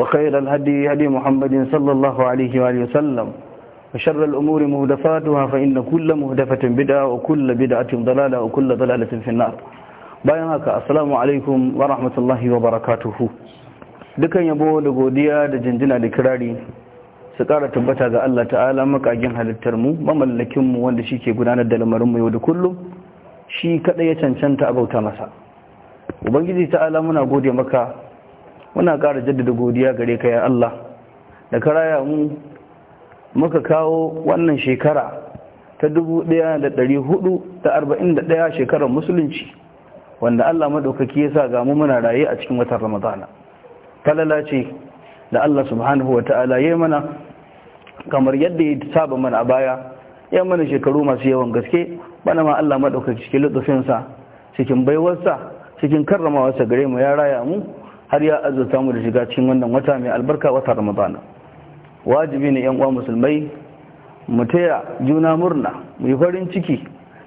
وخير الهدي هدي محمد صلى الله عليه وآله وسلم وشر الأمور مهدفاتها فإن كل مهدفة بدعة وكل بدعة ضلالة وكل ضلالة في النار bayan haka assalamu alaikum wa rahmatullahi wa barakatuhu dukan yabo da godiya da jinjina da kirari su kara tabbata ga Allah ta'ala makagin halittar mu mamallakin mu wanda shike gudanar da lamarin mu yau da kullum shi kada ya cancanta abauta masa ubangiji ta'ala muna gode maka muna ƙara jaddada godiya gare ka ya Allah da ka raya mu muka kawo wannan shekara ta 1441 shekarar musulunci wanda Allah madaukaki ya sa ga mu muna raye a cikin watan Ramadana talala ce da Allah subhanahu ta'ala ya mana kamar yadda ya saba mana a baya ya mana shekaru masu yawan gaske bana ma Allah madaukaki cikin lutsufinsa cikin baiwarsa cikin karramawarsa gare mu ya raya mu har ya azurta mu da shiga cikin wannan wata mai albarka wata ramadana wajibi ne yan uwa musulmai mu taya juna murna mu yi farin ciki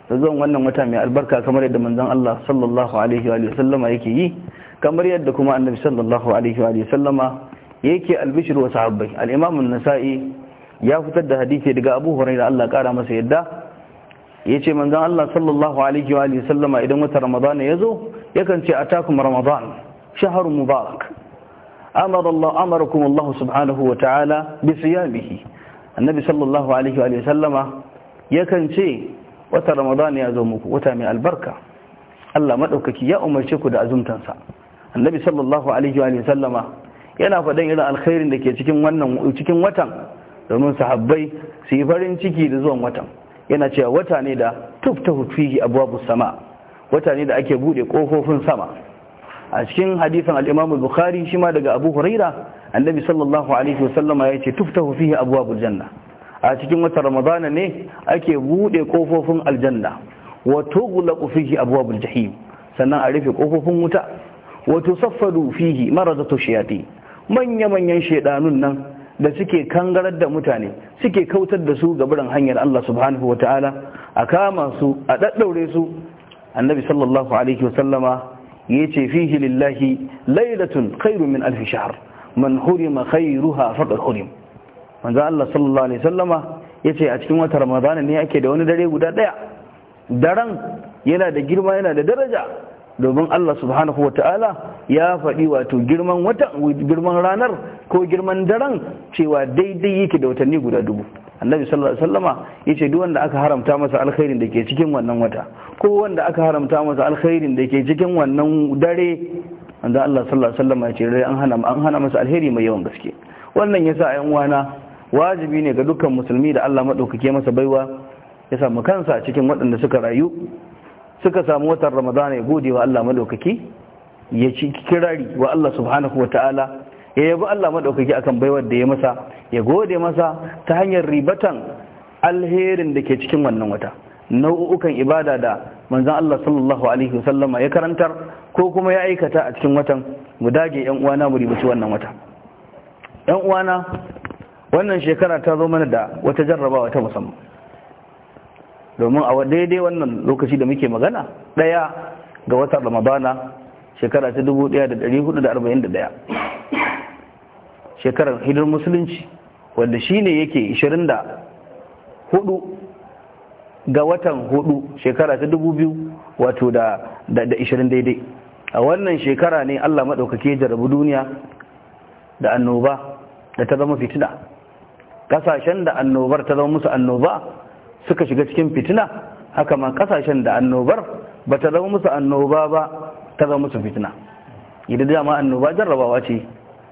da zuwan wannan wata mai albarka kamar yadda manzon Allah sallallahu alaihi wa sallama yake yi kamar yadda kuma annabi sallallahu alaihi wa sallama yake albishir wa sahabbai al-imam an-nasa'i ya fitar da hadisi daga Abu Hurairah Allah kara masa yadda yace manzon Allah sallallahu alaihi wa sallama idan wata ramadana yazo yakan ce atakum ramadan شهر مبارك أمر الله أمركم الله سبحانه وتعالى بصيامه النبي صلى الله عليه وآله وسلم يكن شيء ya zo muku wata mai albarka Allah madaukaki ya umarce ku da azumtansa annabi sallallahu yana faɗan irin alkhairin da ke cikin wannan cikin watan domin sahabbai su yi farin ciki da zuwan watan yana cewa wata ne da tuftahu fihi abwabus sama wata ne da ake buɗe kofofin sama a cikin hadisan al Bukhari shi ma daga Abu Huraira annabi sallallahu alaihi wasallama ce, tuftahu fihi abwabul janna a cikin wata Ramadana ne ake buɗe kofofin aljanna gula tughlaqu fihi abwabul jahim sannan a rufe kofofin wuta wato tusaffadu fihi zato shayati manya manyan shaidanun nan da suke kangarar da mutane suke kautar da su ga hanyar Allah subhanahu wa ta'ala a kama su a ɗaɗɗaure su annabi sallallahu alaihi wasallama yace fihi lillahi lailatun khairun min alf shahr man hurima khairuha faqad hurim manzo Allah sallallahu alaihi wasallama yace a cikin watan ramadana ne ake da wani dare guda daya daren yana da girma yana da daraja domin Allah subhanahu wata'ala ya faɗi wato girman wata girman ranar ko girman daren cewa daidai yake da watanni guda dubu annabi sallallahu alaihi wasallama yace duk wanda aka haramta masa alkhairin da ke cikin wannan wata ko wanda aka haramta masa alkhairin da ke cikin wannan dare annabi Allah sallallahu alaihi wasallama yace dare an hana an hana masa alheri mai yawan gaske wannan yasa ayan wana wajibi ne ga dukkan musulmi da Allah madaukake masa baiwa ya samu kansa cikin waɗanda suka rayu suka samu watan Ramadana ya gode wa Allah madaukake ya ci kirari wa Allah subhanahu wataala ya yabi Allah madaukaki akan baiwar da ya masa ya gode masa ta hanyar ribatan alherin da ke cikin wannan wata nau'ukan ibada da manzon Allah sallallahu alaihi wasallama ya karantar ko kuma ya aikata a cikin watan mu dage yan uwana mu ribaci wannan wata yan uwana wannan shekara ta zo mana da wata jarrabawa ta musamman domin a daidai wannan lokaci da muke magana daya ga watan ramadana shekara ta 1441 shekarar hidar musulunci wanda shi ne yake 24 ga watan 4 shekara ta 2000 wato da 20 daidai a wannan shekara ne Allah maɗaukake jarabu duniya da annoba da ta zama fitina ƙasashen da annobar ta zama musu annoba suka shiga cikin fitina haka ma ƙasashen da annobar ba ta zama musu annoba ba ta zama musu fitina idan dama annoba jarrabawa ce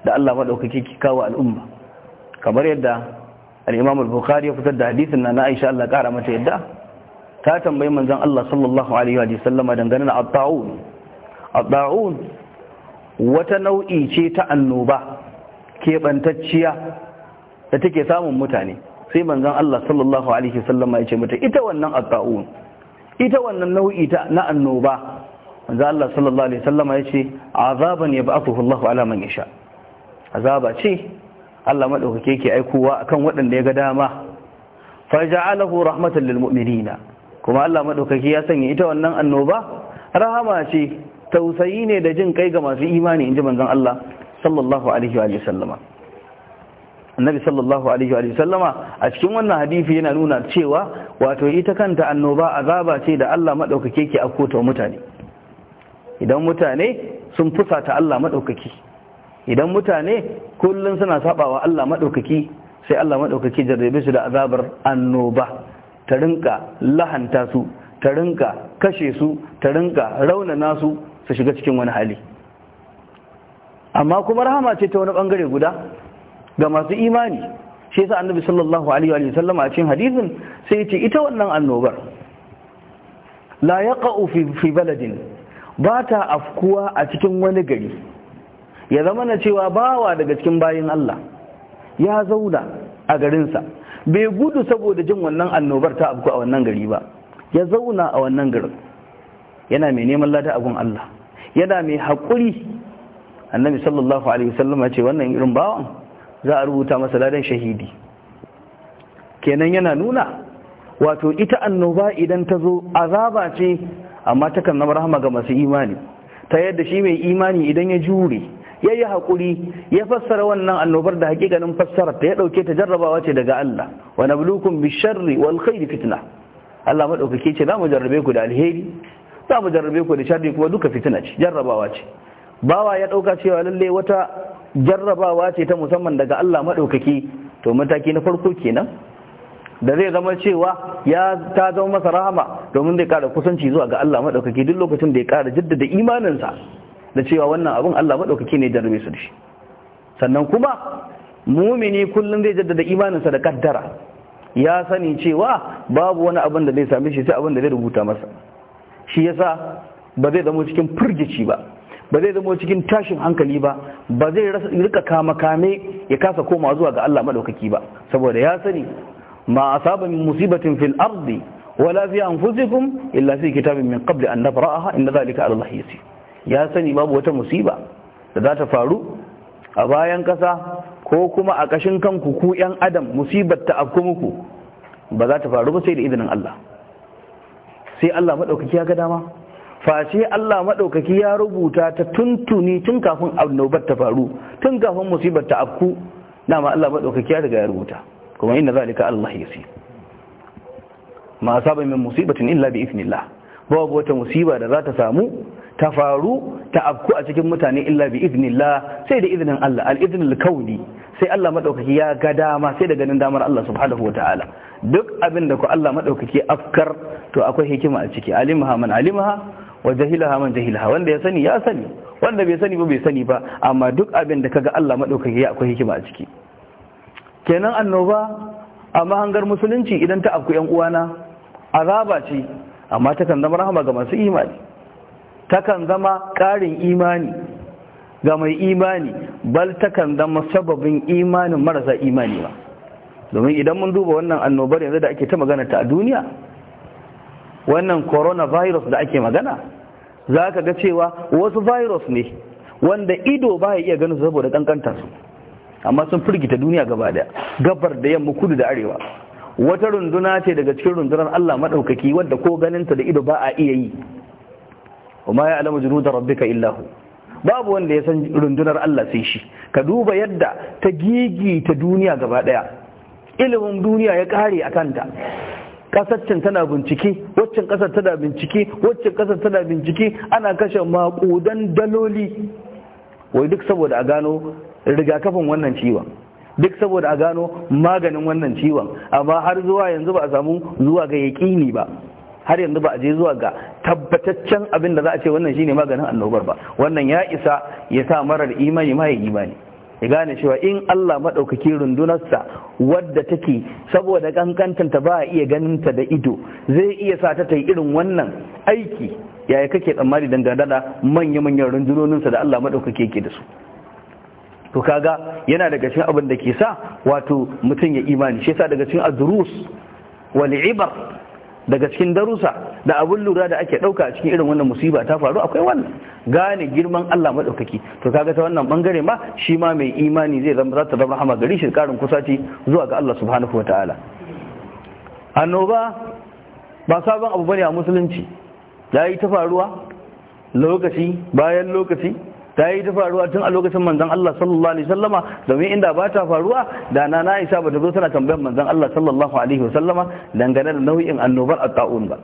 da Allah maɗaukaki ki kawo al'umma kamar yadda al'imam al-bukhari ya fitar da hadisin na aisha Allah ƙara mata yadda ta tambayi manzan Allah sallallahu alaihi wa sallama dangane da adda'un adda'un wata nau'i ce ta annoba keɓantacciya da take samun mutane sai manzan Allah sallallahu alaihi wa sallama ya ce mata ita wannan adda'un ita wannan nau'i ta na annoba manzan Allah sallallahu alaihi wa sallama ya ce azaban ya yab'athuhu Allah ala man sha. azaba ce Allah madaukake yake aikowa akan waɗanda ya ga dama faja'alahu rahmatan lil mu'minina kuma Allah maɗaukaki ya sanya ita wannan annoba rahama ce tausayi ne da jin kai ga masu imani inji manzon Allah sallallahu alaihi wa sallama annabi sallallahu alaihi wa sallama a cikin wannan hadisi yana nuna cewa wato ita kanta annoba azaba ce da Allah maɗaukake ke akota mutane idan mutane sun fusata Allah maɗaukake. idan mutane kullum suna sabawa Allah maɗaukaki sai Allah maɗaukaki jarrabe su da azabar annoba ta rinka lahanta su ta rinka kashe su ta rinka raunana su su shiga cikin wani hali amma kuma rahama ce ta wani bangare guda ga masu imani shi yasa annabi sallallahu alaihi wa sallam a cikin hadisin sai ce ita wannan annobar la yaqa'u fi baladin ba ta afkuwa a cikin wani gari ya zama na cewa bawa daga cikin bayan Allah ya zauna a garinsa bai gudu saboda jin wannan annobar ta abu a wannan gari ba ya zauna a wannan garin yana mai neman lada abun Allah yana mai haƙuri annabi sallallahu alaihi wasallam ya ce wannan irin bawan za a rubuta masa ladan shahidi kenan yana nuna wato ita annoba idan ta zo azaba ce amma takan nama rahama ga masu imani ta yadda shi mai imani idan ya jure ya yi haƙuri ya fassara wannan annobar da hakikanin fassara ta ya ɗauke ta jarrabawa ce daga Allah wa na bulukun bisharri wa alkhairi fitina Allah maɗaukake ce za mu jarrabe ku da alheri za mu jarrabe ku da sharri kuma duka fitina ce jarrabawa ce bawa ya ɗauka cewa lallai wata jarrabawa ce ta musamman daga Allah maɗaukaki. to mataki na farko kenan da zai zama cewa ya ta zama masa rahama domin zai ƙara kusanci zuwa ga Allah maɗaukaki duk lokacin da ya ƙara jaddada imaninsa da cewa wannan abun Allah maɗaukaki ne jarrume su da shi sannan kuma mumini kullum zai jaddada imaninsa da kaddara ya sani cewa babu wani abin da zai same shi sai abin da zai rubuta masa shi yasa ba zai zama cikin firgici ba ba zai zama cikin tashin hankali ba ba zai rika kama kame ya kasa koma zuwa ga Allah maɗaukaki ba saboda ya sani ma asaba min musibatin fil ardi wala fi anfusikum illa fi kitabin min qabli an nabra'aha inna dhalika ala Allah yasir ya sani babu wata musiba da za ta faru a bayan ƙasa ko kuma a ƙashin kanku ku 'yan adam musibar ta afku muku ba za ta faru ba sai da izinin Allah sai Allah maɗaukaki ya ga dama fashe Allah maɗaukaki ya rubuta ta tuntuni tun kafin annobar ta faru tun kafin musibar ta afku dama Allah maɗaukaki ya riga ya rubuta kuma inna zalika Allah yasi ma asaba min musibatin illa bi idnillah babu wata musiba da za ta samu ta faru ta afku a cikin mutane illa bi iznillah sai da iznin Allah al iznil kauni sai Allah madaukaki ya ga dama sai da ganin damar Allah subhanahu wataala duk abin da ku Allah madaukaki afkar to akwai hikima a ciki alimaha man alimaha wa jahilaha man jahilaha wanda ya sani ya sani wanda bai sani ba bai sani ba amma duk abin da kaga Allah madaukaki ya akwai hikima a ciki kenan annoba a mahangar musulunci idan ta afku yan uwana azaba ce amma ta kan zama rahama ga masu imani takan zama ƙarin imani ga mai imani bal takan zama sababin imanin marasa imani ba domin idan mun duba wannan annobar yanzu da ake ta magana ta a duniya wannan coronavirus da ake magana za ka ga cewa wasu virus ne wanda ido ba ya iya ganin saboda kankanta su amma sun firgita duniya gaba daya gabar da yamma kudu da arewa wata runduna ce daga cikin rundunar Allah maɗaukaki wadda ko ganinta da ido ba a iya yi wa ma ya'lamu junuda rabbika illa hu babu wanda ya san rundunar Allah sai shi ka duba yadda ta gigi ta duniya gaba daya ilimin duniya ya kare a kanta kasaccen tana bincike waccan kasar tana bincike waccan kasar tana bincike ana kashe makudan daloli wai duk saboda a gano rigakafin wannan ciwon duk saboda a gano maganin wannan ciwon amma har zuwa yanzu ba a samu zuwa ga yaƙini ba har yanzu ba a je zuwa ga tabbataccen abin da za a ce wannan shine maganin annobar ba wannan ya isa ya sa marar imani ma ya imani ya gane cewa in Allah maɗaukaki rundunarsa wadda take saboda kankantanta ba a iya ganin ta da ido zai iya sa ta tai irin wannan aiki yaya kake tsammani dangane manya-manyan rundunoninsa da Allah maɗaukaki yake da su to kaga yana daga cikin abin da ke sa wato mutum ya imani shi yasa daga cikin azrus wal ibar daga cikin darusa da abun lura da ake ɗauka a cikin irin wannan musiba ta faru akwai wannan gane girman Allah maɗaukaki to kaga ta wannan bangare ma shi ma mai imani zai zama za ta zama rahama gari shi karin kusaci zuwa ga Allah subhanahu wa ta'ala annoba ba sabon abu bane a musulunci ya yi ta faruwa lokaci bayan lokaci ta yi ta faruwa tun a lokacin manzan Allah sallallahu alaihi wasallama domin inda ba ta faruwa da na na isa ba ta zo tana tambayar manzan Allah sallallahu alaihi wasallama dangane da nau'in annobar a taun ba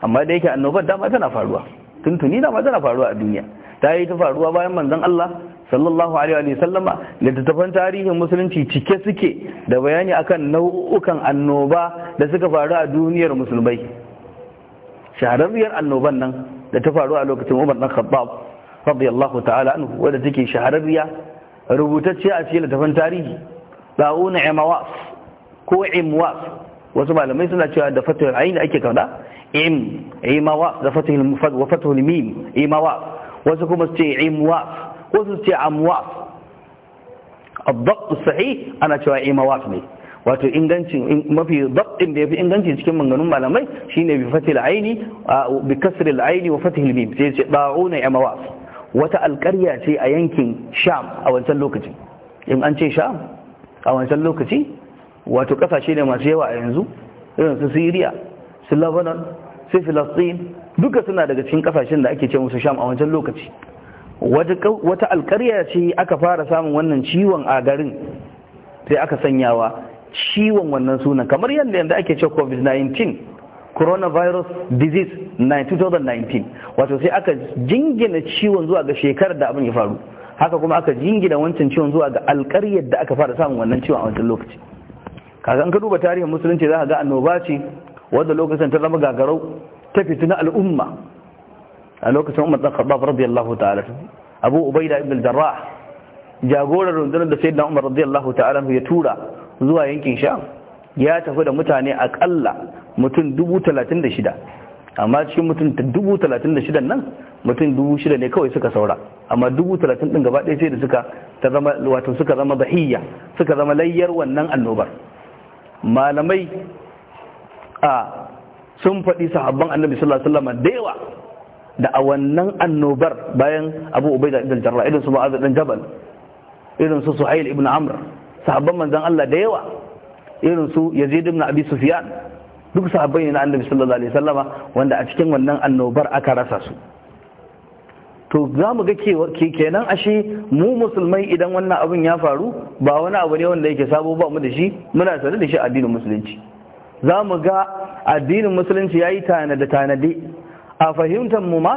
amma da yake annobar dama tana faruwa tuntuni dama tana faruwa a duniya ta yi ta faruwa bayan manzan Allah sallallahu alaihi wa sallama littattafan tarihin musulunci cike suke da bayani akan nau'ukan annoba da suka faru a duniyar musulmai shahararriyar annoban nan da ta faru a lokacin Umar ɗan Khattab رضي الله تعالى عنه ولدك شهربية ربوتت شيئة لتفن تاريخي لاؤون عمواص كو عمواص وسبع لما يسمى دفته العين أكي كما عم عمواص دفته المفق وفته الميم عمواص وسكو مستي عمواص وسكو عمواص الضغط الصحيح أنا شوى عمواص مي wato inganci ma fi daddin da yafi inganci cikin manganun malamai shine bi fatil aini bi kasril aini wa fatil mim sai ce da'una wata alƙarya ce a yankin sham a wancan lokaci in an ce sham a wancan lokaci wato ƙasashe ne masu yawa a yanzu irin su syria su lebanon su philistine duka suna daga cikin ƙasashen da ake ce musu sham a wancan lokaci wata alƙarya ce aka fara samun wannan ciwon a garin sai aka sanyawa ciwon wannan sunan kamar yadda yadda ake ce covid-19 coronavirus disease 2019 wato sai aka jingina ciwon zuwa ga shekarar da abin ya faru haka kuma aka jingina wancan ciwon zuwa ga alƙaryar da aka fara samun wannan ciwon a wancan lokaci kaga an ka duba tarihin musulunci za ka ga annoba ce wadda lokacin ta zama gagarau ta na al'umma a lokacin umar ɗan khattab radiyallahu ta'ala abu ubaida ibn jarra jagorar rundunar da sayyidina umar radiyallahu ta'ala ya tura zuwa yankin sham ya tafi da mutane akalla mutum dubu talatin da shida amma cikin mutum dubu talatin da shidan nan mutum dubu shida ne kawai suka saura amma dubu talatin din gaba ɗaya sai da suka ta zama wato suka zama bahiyya suka zama layyar wannan annobar malamai a sun faɗi sahabban annabi sallallahu alaihi wasallam da yawa da a wannan annobar bayan abu ubaida ibn jarra irin su ma'az ibn jabal irin su suhail ibn amr sahabban manzon Allah da yawa irin su yazid ibn abi sufyan duk sahabbai na annabi sallallahu alaihi wasallama wanda a cikin wannan annobar aka rasa su to za mu ga kenan ashe mu musulmai idan wannan abun ya faru ba wani abu ne wanda yake sabo ba mu da shi muna sanar da shi addinin musulunci za mu ga addinin musulunci ya yi tanade tanade a fahimtar mu ma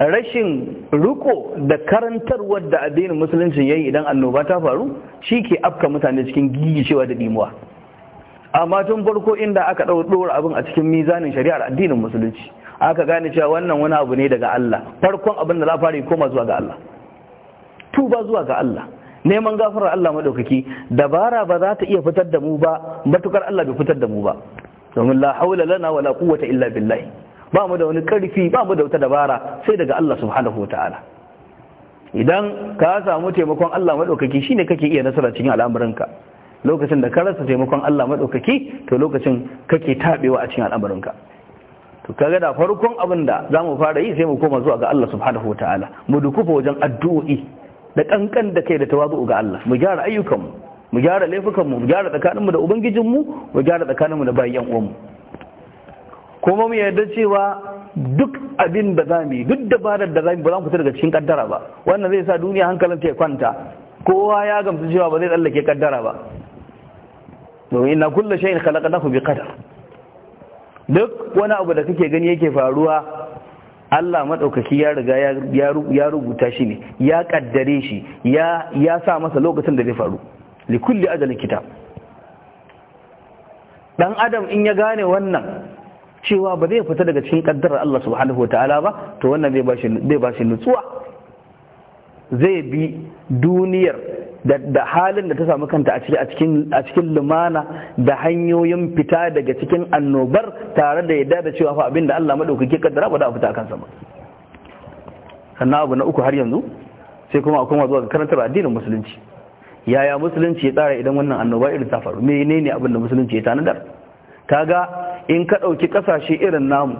rashin riko da karantarwar da addinin musulunci ya yi idan annoba ta faru shi ke afka mutane cikin gigicewa da dimuwa amma tun farko inda aka ɗora abin a cikin mizanin shari'ar addinin musulunci aka gane cewa wannan wani abu ne daga Allah farkon abin da za fara koma zuwa ga Allah tuba zuwa ga Allah neman gafarar Allah madaukaki dabara ba za ta iya fitar da mu ba matukar Allah bai fitar da mu ba domin la haula lana wala quwwata illa billah ba mu da wani karfi ba mu da wata dabara sai daga Allah subhanahu wataala idan ka samu taimakon Allah madaukaki shine kake iya nasara cikin al'amuranka lokacin da ka rasa taimakon Allah maɗaukaki to lokacin kake taɓewa a cikin al'amarinka to kaga da farkon abin da za mu fara yi sai mu koma zuwa ga Allah subhanahu wataala mu dukufa wajen addu'o'i da ƙanƙan da kai da tawazu ga Allah mu gyara ayyukanmu mu gyara laifukanmu mu gyara tsakaninmu da ubangijinmu mu gyara tsakaninmu da bayan uwanmu kuma mu yarda cewa duk abin da mu yi duk dabarar da zamu ba za mu fita daga cikin kaddara ba wannan zai sa duniya hankalin ta ya kwanta kowa ya gamsu cewa ba zai tsallake kaddara ba domin inna kullu na kubi biqadar duk wani abu da kake gani yake faruwa Allah maɗaukaki ya riga ya rubuta shi ne ya ƙaddare shi ya sa masa lokacin da zai faru likulli ajalin kitab dan adam in ya gane wannan cewa ba zai fita daga cikin ƙaddarar Allah subhanahu wa ba to wannan zai ba shi nutsuwa zai bi duniyar da halin da ta samu kanta a cikin lumana da hanyoyin fita daga cikin annobar tare da yadda da cewa fa abin da Allah maɗaukaki kaddara ba da a fita kansa ba sannan abu na uku har yanzu sai kuma akwai zuwa ga karantar addinin musulunci yaya musulunci ya tsara idan wannan annoba irin ta faru menene abin da musulunci ya tanadar kaga in ka ɗauki kasashe irin namu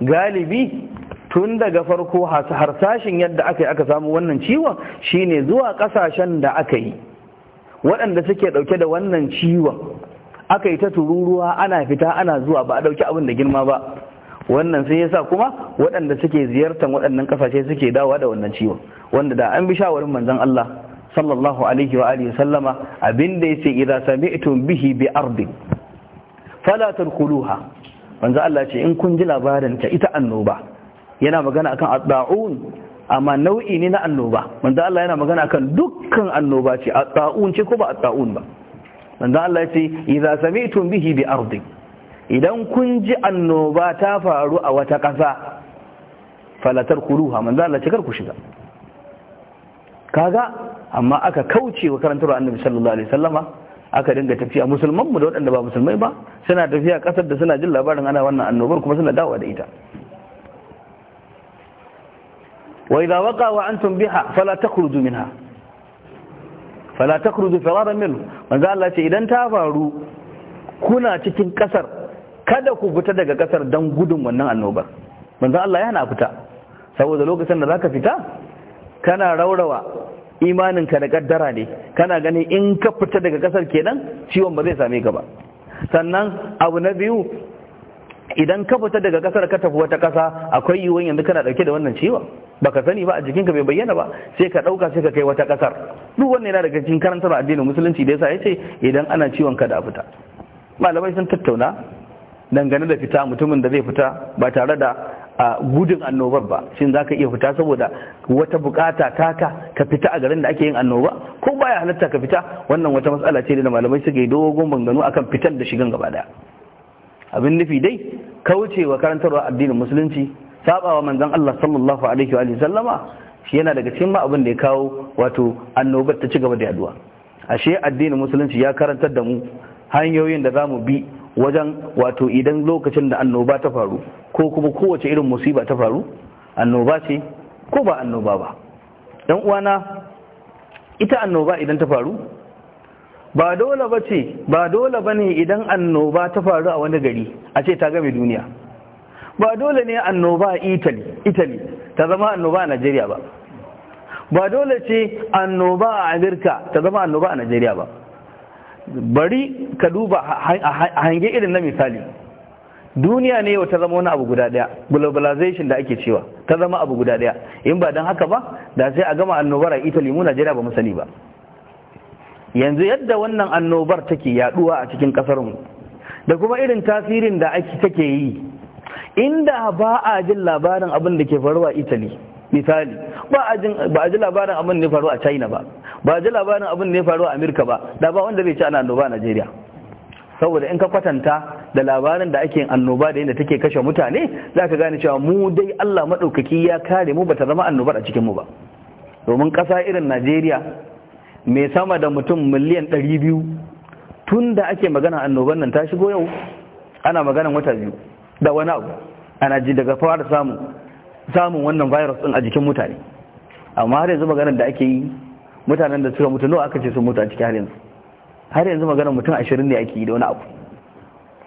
galibi tun daga farko harsashin yadda aka yi aka samu wannan ciwon shine zuwa kasashen da aka yi waɗanda suke ɗauke da wannan ciwon aka yi ta tururuwa ana fita ana zuwa ba a ɗauki abin da girma ba wannan sai yasa kuma waɗanda suke ziyartar waɗannan kasashe suke dawa da wannan ciwon wanda da an bi shawarin manzon Allah sallallahu alaihi wa alihi sallama abinda yace idza sami'tum bihi bi ardi fala tadkhuluha manzo Allah ce in kun ji labarin ta ita annoba yana magana akan adda'un amma nau'i ne na annoba manzo Allah yana magana akan dukkan annoba ce adda'un ce ko ba adda'un ba manzo Allah ya ce idza sami'tum bihi bi ardi idan kun ji annoba ta faru a wata ƙasa falatar kuluha manzo Allah ce kar ku shiga kaga amma aka kauce wa karantar annabi sallallahu alaihi wasallama aka dinga tafiya musulman mu da waɗanda ba musulmai ba suna tafiya ƙasar da suna jin labarin ana wannan annobar kuma suna dawowa da ita وإذا وقع وأنتم بها فلا تخرجوا منها فلا تخرجوا فرارا منه manzo Allah ce idan ta faru kuna cikin kasar kada ku fita daga kasar dan gudun wannan annobar manzo Allah yana fita saboda lokacin da zaka fita kana raurawa imaninka da kaddara ne kana ganin in ka fita daga kasar kenan ciwon ba zai same ka ba sannan abu na biyu idan ka fita daga kasar ka tafi wata kasa akwai yiwuwan yanzu kana dauke da wannan ciwon baka sani ba a jikinka bai bayyana ba sai ka dauka sai ka kai wata kasar duk wannan yana daga cikin karantar addinin musulunci da yasa yace idan ana ciwon kada a fita malamai sun tattauna dangane da fita mutumin da zai fita ba tare da a gudun annobar ba shin zaka iya fita saboda wata bukata taka ka fita a garin da ake yin annoba ko baya halatta ka fita wannan wata matsala ce da malamai suke dogon bangano akan fitar da shigan gaba daya abin nufi dai kaucewa karantarwa addinin musulunci sabawa manzon Allah sallallahu alaihi wa sallama shi yana daga cikin ma abin da ya kawo wato annobar ta ci gaba da yaduwa ashe addinin musulunci ya karantar da mu hanyoyin da zamu bi wajen wato idan lokacin da annoba ta faru ko kuma kowace irin musiba ta faru annoba ce ko ba annoba ba dan uwana ita annoba idan ta faru ba dole ba ce ba dole ba ne idan annoba ta faru a wani gari a ce ta game duniya ba dole ne annoba Italy Italy ta zama annoba a Najeriya ba ba dole ce annoba a Amerika ta zama annoba a Najeriya ba bari ka duba a hange irin na misali duniya ne yau ta zama wani abu guda daya globalization da ake cewa ta zama abu guda daya in ba don haka ba da sai a gama annobar a italy mu najeriya ba mu sani ba yanzu yadda wannan annobar take yaduwa a cikin kasar mu da kuma irin tasirin da ake take yi inda ba a jin labarin abin da ke faruwa italy misali ba a ji labarin abin da ya faru a china ba ba a ji labarin abin da ya faru a amerika ba da ba wanda zai ci ana annoba a najeriya saboda in ka kwatanta da labarin da ake annoba da yadda take kashe mutane za ka gane cewa mu dai allah maɗaukaki ya kare mu bata zama annobar a cikin mu ba domin ƙasa irin najeriya mai sama da mutum miliyan ɗari biyu tun da ake magana annobar nan ta shigo yau ana maganan wata biyu da wani abu ana ji daga fara samun samun wannan virus din a jikin mutane amma har yanzu maganar da ake yi mutanen da suka mutu nawa aka ce sun mutu a cikin har yanzu har yanzu maganar mutum ashirin ne ake yi da wani abu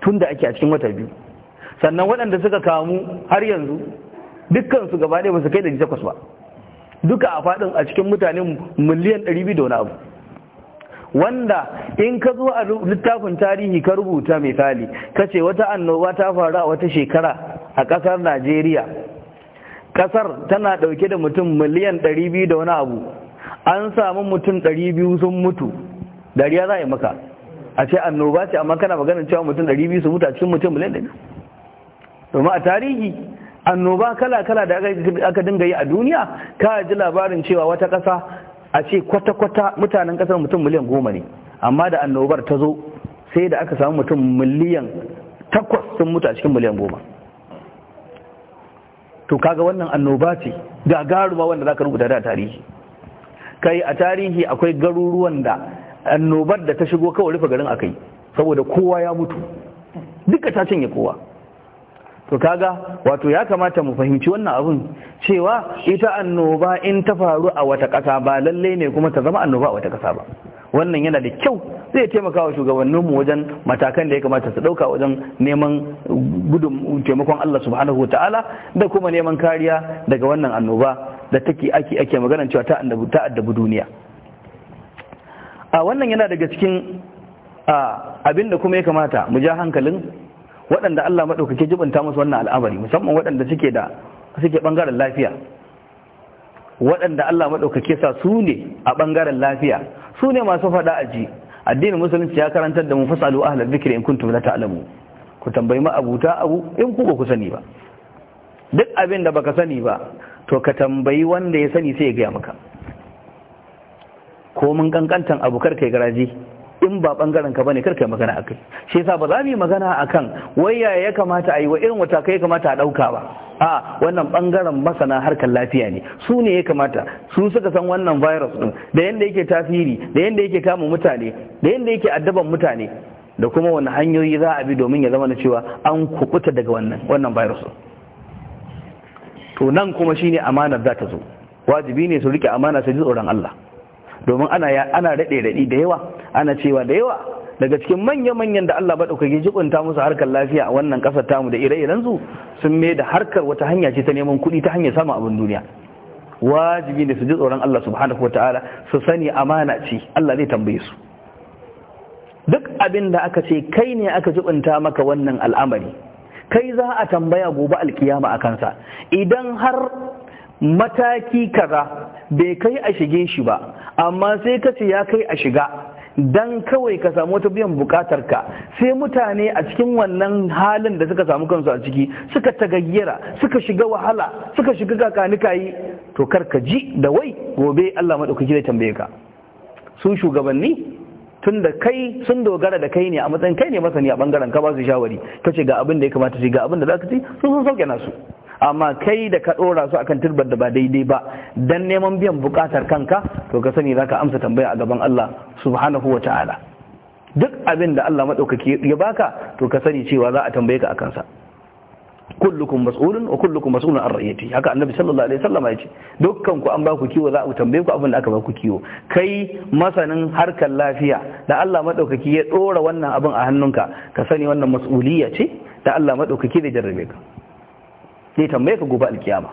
tun da ake a cikin wata biyu sannan waɗanda suka kamu har yanzu dukkansu gaba ɗaya ba su kai da takwas ba duka a faɗin a cikin mutane miliyan ɗari biyu da wani abu wanda in ka zo a littafin tarihi ka rubuta misali ka ce wata annoba ta faru a wata shekara a ƙasar najeriya ƙasar tana ɗauke da mutum miliyan 200 da wani abu an samu mutum 200 sun mutu dariya za a yi maka a ce annoba ce amma kana maganin cewa mutum 200 su mutu a cikin mutum miliyan 100 domin a tarihi annoba kala-kala da aka dinga yi a duniya ka ji labarin cewa wata ƙasa a ce kwata-kwata mutanen kasar mutum miliyan goma ne amma da annobar ta zo sai da aka samu mutum miliyan takwas sun mutu a cikin miliyan goma to kaga wannan annoba ce garuma wanda za ka rubuta da tarihi kai a tarihi akwai garuruwan da annobar da ta shigo kawai rufe garin akai saboda kowa ya mutu duka ta cinye kowa to kaga wato ya kamata mu fahimci wannan abun cewa ita annoba in ta faru a wata ƙasa ba lalle ne kuma ta zama annoba a wata ƙasa ba wannan yana da kyau zai taimaka wa shugabanninmu wajen matakan da ya kamata su ɗauka wajen neman gudun taimakon Allah subhanahu ta'ala da kuma neman kariya daga wannan annoba da take ake ake maganar cewa ta annabu ta addabu duniya a wannan yana daga cikin abin da kuma ya kamata mu ja hankalin waɗanda Allah maɗaukake jibinta musu wannan al'amari musamman waɗanda suke da suke ɓangaren lafiya waɗanda Allah maɗaukake sa su ne a ɓangaren lafiya su ne masu faɗa a ji addinin musulunci ya karantar da mu fasalu ahlal zikri in kuntum la ta'lamu ku tambayi ma abuta abu in ku ba ku sani ba duk abin da baka sani ba to ka tambayi wanda ya sani sai ya gaya maka ko mun kankantan abu kar kai garaji in ba bangaren ka bane karka magana akai shi yasa ba za mu yi magana akan waya ya kamata a yi wa irin wata kai kamata a dauka ba a wannan bangaren masana harkar lafiya ne su ne ya kamata su suka san wannan virus din da yanda yake tasiri da yanda yake kama mutane da yanda yake addaban mutane da kuma wani hanyoyi za a bi domin ya zama na cewa an kukuta daga wannan wannan virus to nan kuma shine amanar za ta zo wajibi ne su rike amana su ji tsoron Allah domin ana ya ana rade radi da yawa ana cewa da yawa daga cikin manya-manyan da Allah maɗaukaki jikunta musu harkar lafiya a wannan ƙasar tamu da ire-iren su sun mai da harkar wata hanya ce ta neman kuɗi ta hanyar samun abin duniya wajibi ne su ji tsoron Allah subhanahu wataala su sani amana ce Allah zai tambaye su duk abin da aka ce kai ne aka jibinta maka wannan al'amari kai za a tambaya gobe alkiyama a kansa idan har mataki kaza bai kai a shige shi ba amma sai ka ce ya kai a shiga dan kawai ka samu wata biyan bukatar ka sai mutane a cikin wannan halin da suka samu kansu a ciki suka tagayyara suka shiga wahala suka shiga kakani yi to kar ka ji da wai gobe Allah madaukaki zai tambaye ka Sun shugabanni tun da kai sun dogara da kai ne a matsayin kai ne masani a bangaren ka ba su shawari kace ga abin da ya kamata ce ga abin da za ka ci sun sauke nasu amma kai da ka ɗora su akan turbar da ba daidai ba dan neman biyan bukatar kanka to ka sani zaka amsa tambaya a gaban Allah subhanahu wa ta'ala duk abin da Allah maɗaukaki ya baka to ka sani cewa za a tambaye ka akan sa kullukum mas'ulun wa kullukum mas'ulun an ra'iyati haka annabi sallallahu alaihi wasallam ya ce dukkan ku an ba ku kiwo za a tambaye ku abin da aka ba ku kiwo kai masanin harkar lafiya da Allah madaukaki ya dora wannan abin a hannunka ka sani wannan mas'uliyya ce da Allah madaukaki zai jarrabe ka zai tambaye ka gobe alkiyama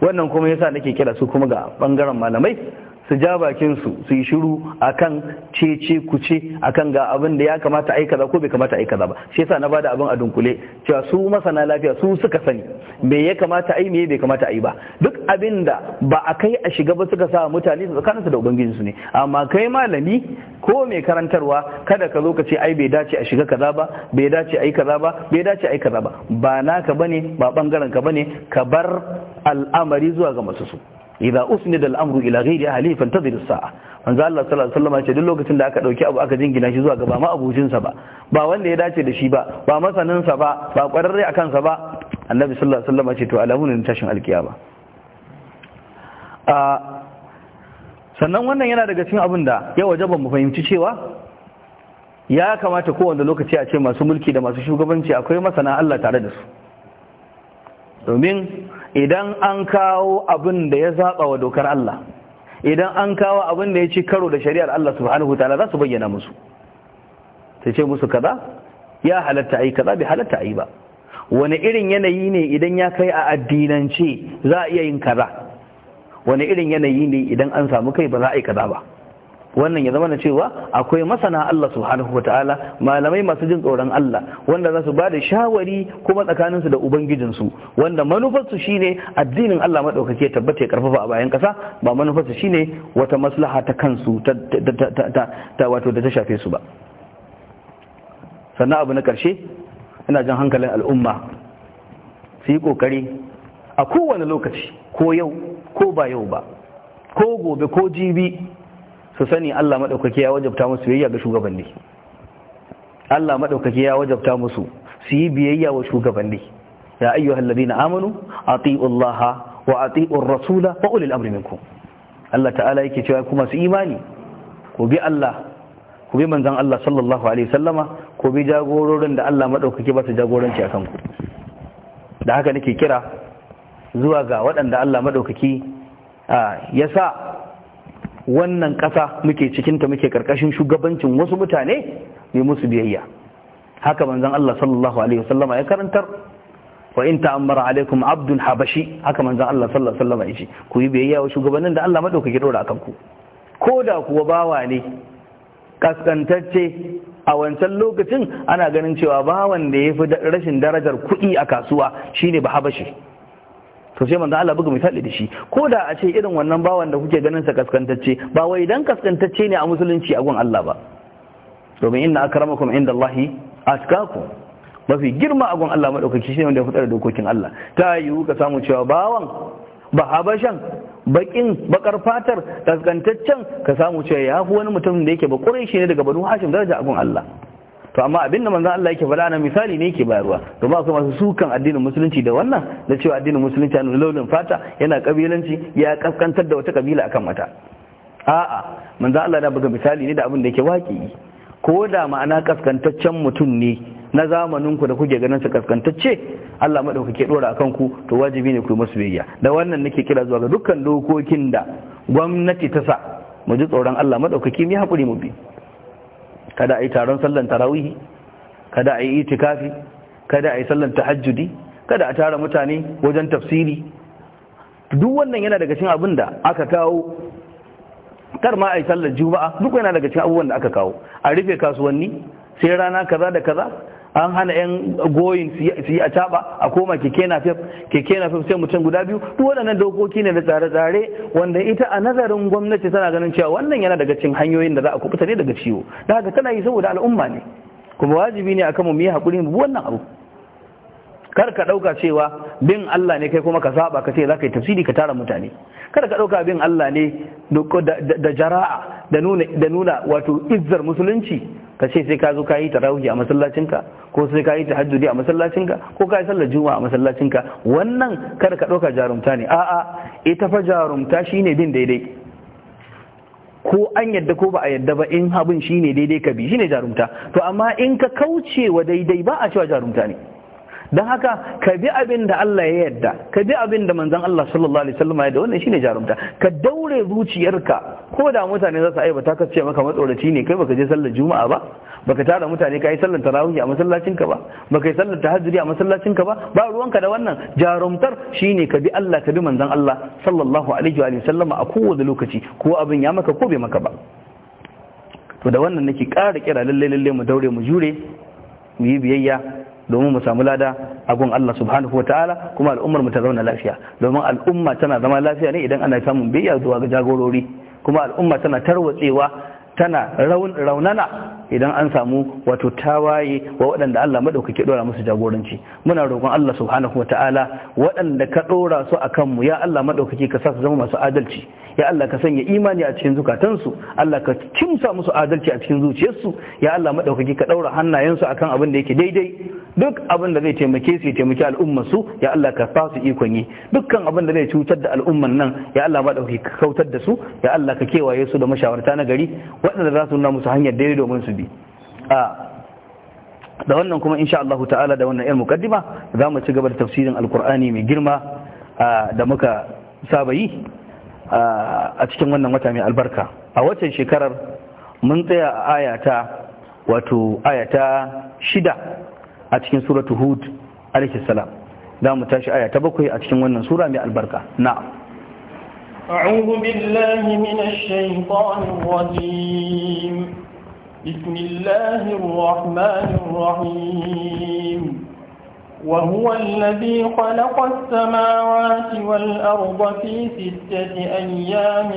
wannan kuma yasa nake kira su kuma ga bangaren malamai su ja bakin su su yi shiru akan cece kuce akan ga abin da ya kamata ai kaza ko bai kamata aika kaza ba shi yasa na bada abin a dunkule cewa su masana lafiya su suka sani me ya kamata ai me bai kamata ai ba duk abin da ba a kai a shiga ba suka sa mutane su tsakaninsu da ubangiji su ne amma kai malami ko mai karantarwa kada ka zo ka ce ai bai dace a shiga kaza ba bai dace ai kaza ba bai dace ai kaza ba ba naka bane ba bangaren ka bane ka bar al'amari zuwa ga masu su idza usnida al-amru ila ghayri ahlihi fantadhir as-sa'a manzo Allah sallallahu alaihi wasallam ce duk lokacin da aka dauki abu aka jingina shi zuwa gaba ma abujin sa ba ba wanda ya dace da shi ba ba masanin sa ba ba kwararre akan sa ba annabi sallallahu alaihi wasallam ce to alamun tashin sannan wannan yana daga cikin abin da ya wajaba mu fahimci cewa ya kamata kowanne lokaci a ce masu mulki da masu shugabanci akwai masana Allah tare da su domin idan an kawo abin da ya zaɓa wa dokar Allah idan an kawo abin da ya ci karo da shari'ar Allah subhanahu ta'ala za su bayyana musu sai ce musu kaza ya halatta a kaza bai halatta a yi ba wani irin yanayi ne idan ya kai a addinance za a iya yin kaza wani irin yanayi ne idan an samu kai ba za a yi kaza ba wannan ya zama na cewa akwai masana Allah subhanahu wataala malamai masu jin tsoron Allah wanda za su ba da shawari kuma tsakaninsu da ubangijinsu wanda manufarsu shine addinin Allah maɗaukaki ya tabbata ya karfafa a bayan ƙasa ba manufarsu shine wata maslaha ta kansu ta wato da ta shafe su ba sannan abu na ƙarshe ina jan hankalin al'umma su yi ƙoƙari a kowane lokaci ko yau ko ba yau ba ko gobe ko jibi su sani Allah maɗaukaki ya wajabta musu biyayya ga shugabanni Allah maɗaukaki ya wajabta musu su yi biyayya wa shugabanni ya ayyuhu alladhina amanu ati'u Allah wa ati'u rasula wa ulil amri minkum Allah ta'ala yake cewa kuma su imani ku bi Allah ku bi manzon Allah sallallahu alaihi wasallama ku bi jagororin da Allah maɗaukaki ba su jagoranci a kanku da haka nake kira zuwa ga waɗanda Allah maɗaukaki ya sa wannan ƙasa muke cikin ta muke ƙarƙashin shugabancin wasu mutane mai musu biyayya haka manzon Allah sallallahu alaihi wasallama ya karantar wa in ta'ammara alaikum abdun habashi haka manzon Allah sallallahu alaihi yace ku yi biyayya wa shugabannin da Allah madaukaki dora akan ku ko da kuwa bawa ne kaskantacce a wancan lokacin ana ganin cewa bawan da ya fi rashin darajar kuɗi a kasuwa shine ba habashi to sai manzo Allah buga misali da shi ko da a ce irin wannan bawan da kuke ganin sa kaskantacce ba wai dan kaskantacce ne a musulunci a gun Allah ba domin inna akramakum indallahi atqakum mafi girma a gun Allah madaukaki shine wanda ya fitar da dokokin Allah ta yiwu ka samu cewa bawan ba habashan bakin bakar fatar kaskantaccen ka samu cewa ya fi wani mutum da yake ba kure shi ne daga banu hashim daraja a gun Allah to amma abinda manzon Allah yake faɗa na misali ne yake bayarwa to ba su masu sukan addinin musulunci da wannan Na cewa addinin musulunci yana launin fata yana kabilanci ya kaskantar da wata kabila akan mata. a'a manzon Allah na buga misali ne da abin da yake waki ko da ma'ana kaskantaccen mutum ne na zamanin ku da kuke ganin su kaskantacce Allah madaukake dora akan ku to wajibi ne ku yi masu biyayya da wannan nake kira zuwa ga dukkan dokokin da gwamnati ta sa mu ji tsoron Allah madaukake mu hakuri mu bi kada a yi taron sallan tarawihi kada a yi itikafi kada a yi sallan tahajjudi kada a tara mutane wajen tafsiri duk wannan yana daga cikin abin da aka kawo kar ma a yi sallar juma'a duk yana daga cikin abubuwan da aka kawo a rufe kasuwanni sai rana kaza da kaza an hana yan goyin su yi a caɓa a koma keke na keke sai mutum guda biyu duk waɗannan dokoki ne da tsare-tsare wanda ita a nazarin gwamnati tana ganin cewa wannan yana daga cin hanyoyin da za a kubuta ne daga ciwo da haka tana yi saboda al'umma ne kuma wajibi ne akan mu yi hakuri mu wannan abu kar ka ɗauka cewa bin Allah ne kai kuma ka saba ka ce za ka yi tafsiri ka tara mutane kar ka ɗauka bin Allah ne da jara'a da nuna wato izzar musulunci ka ce sai ka zo ka yi tarawih a masallacinka ko sai ka yi tahajjudi a masallacinka ko ka yi sallar juma'a a masallacinka wannan kada ka ɗauka jarumta ne a'a ita fa jarumta shine bin daidai ko an yadda ko ba a yadda ba in habun shine daidai ka bi shine jarumta to amma in ka kauce wa daidai ba a cewa jarumta ne don haka ka bi abin da Allah ya yarda ka bi abin da manzon Allah sallallahu alaihi wasallam ya yarda wannan shine jarumta ka daure zuciyarka ko da mutane za su aibata ka ce maka matsoraci ne kai baka je sallar juma'a ba baka tara mutane ka yi sallar tarawih a masallacin ka ba baka yi sallar tahajjudi a masallacin ka ba ba ruwanka da wannan jarumtar shine ka bi Allah ka bi manzon Allah sallallahu alaihi wa sallam, a kowane lokaci ko abin ya maka ko bai maka ba to da wannan nake ƙara kira lalle lalle mu daure mu jure mu yi biyayya domin mu samu lada a gun Allah subhanahu wa ta'ala kuma al'ummar mu ta zauna lafiya domin al'umma tana zama lafiya ne idan ana samun biyayya zuwa ga jagorori kuma al'umma tana tarwatsewa tana raunana idan an samu wato tawaye wa waɗanda Allah maɗaukaki ɗora musu jagoranci muna roƙon Allah subhanahu wa ta'ala waɗanda ka ɗora su a kanmu ya Allah maɗaukaki ka sa su zama masu adalci ya Allah ka sanya imani a cikin zukatansu Allah ka kimsa musu adalci a cikin zuciyarsu ya Allah maɗaukaki ka ɗaura hannayensu akan abin da yake daidai duk abin da zai taimake su ya taimaki al'ummar su ya Allah ka fasu ikon yi dukkan abin da zai cutar da al'umman nan ya Allah da ka kautar da su ya Allah ka kewaye su da mashawarta na gari waɗanda za su nuna musu hanyar daidai domin su bi a da wannan kuma insha Allah ta'ala da wannan 'yar mukaddima za mu ci gaba da tafsirin alkur'ani mai girma da muka saba yi a cikin wannan wata mai albarka a waccan shekarar mun tsaya a ayata wato ayata shida a cikin suratu hud alaihi salam za mu tashi aya ta bakwai a cikin wannan sura mai albarka na'am أعوذ بالله من الشيطان الرجيم بسم الله الرحمن الرحيم وهو الذي خلق السماوات والأرض في ستة أيام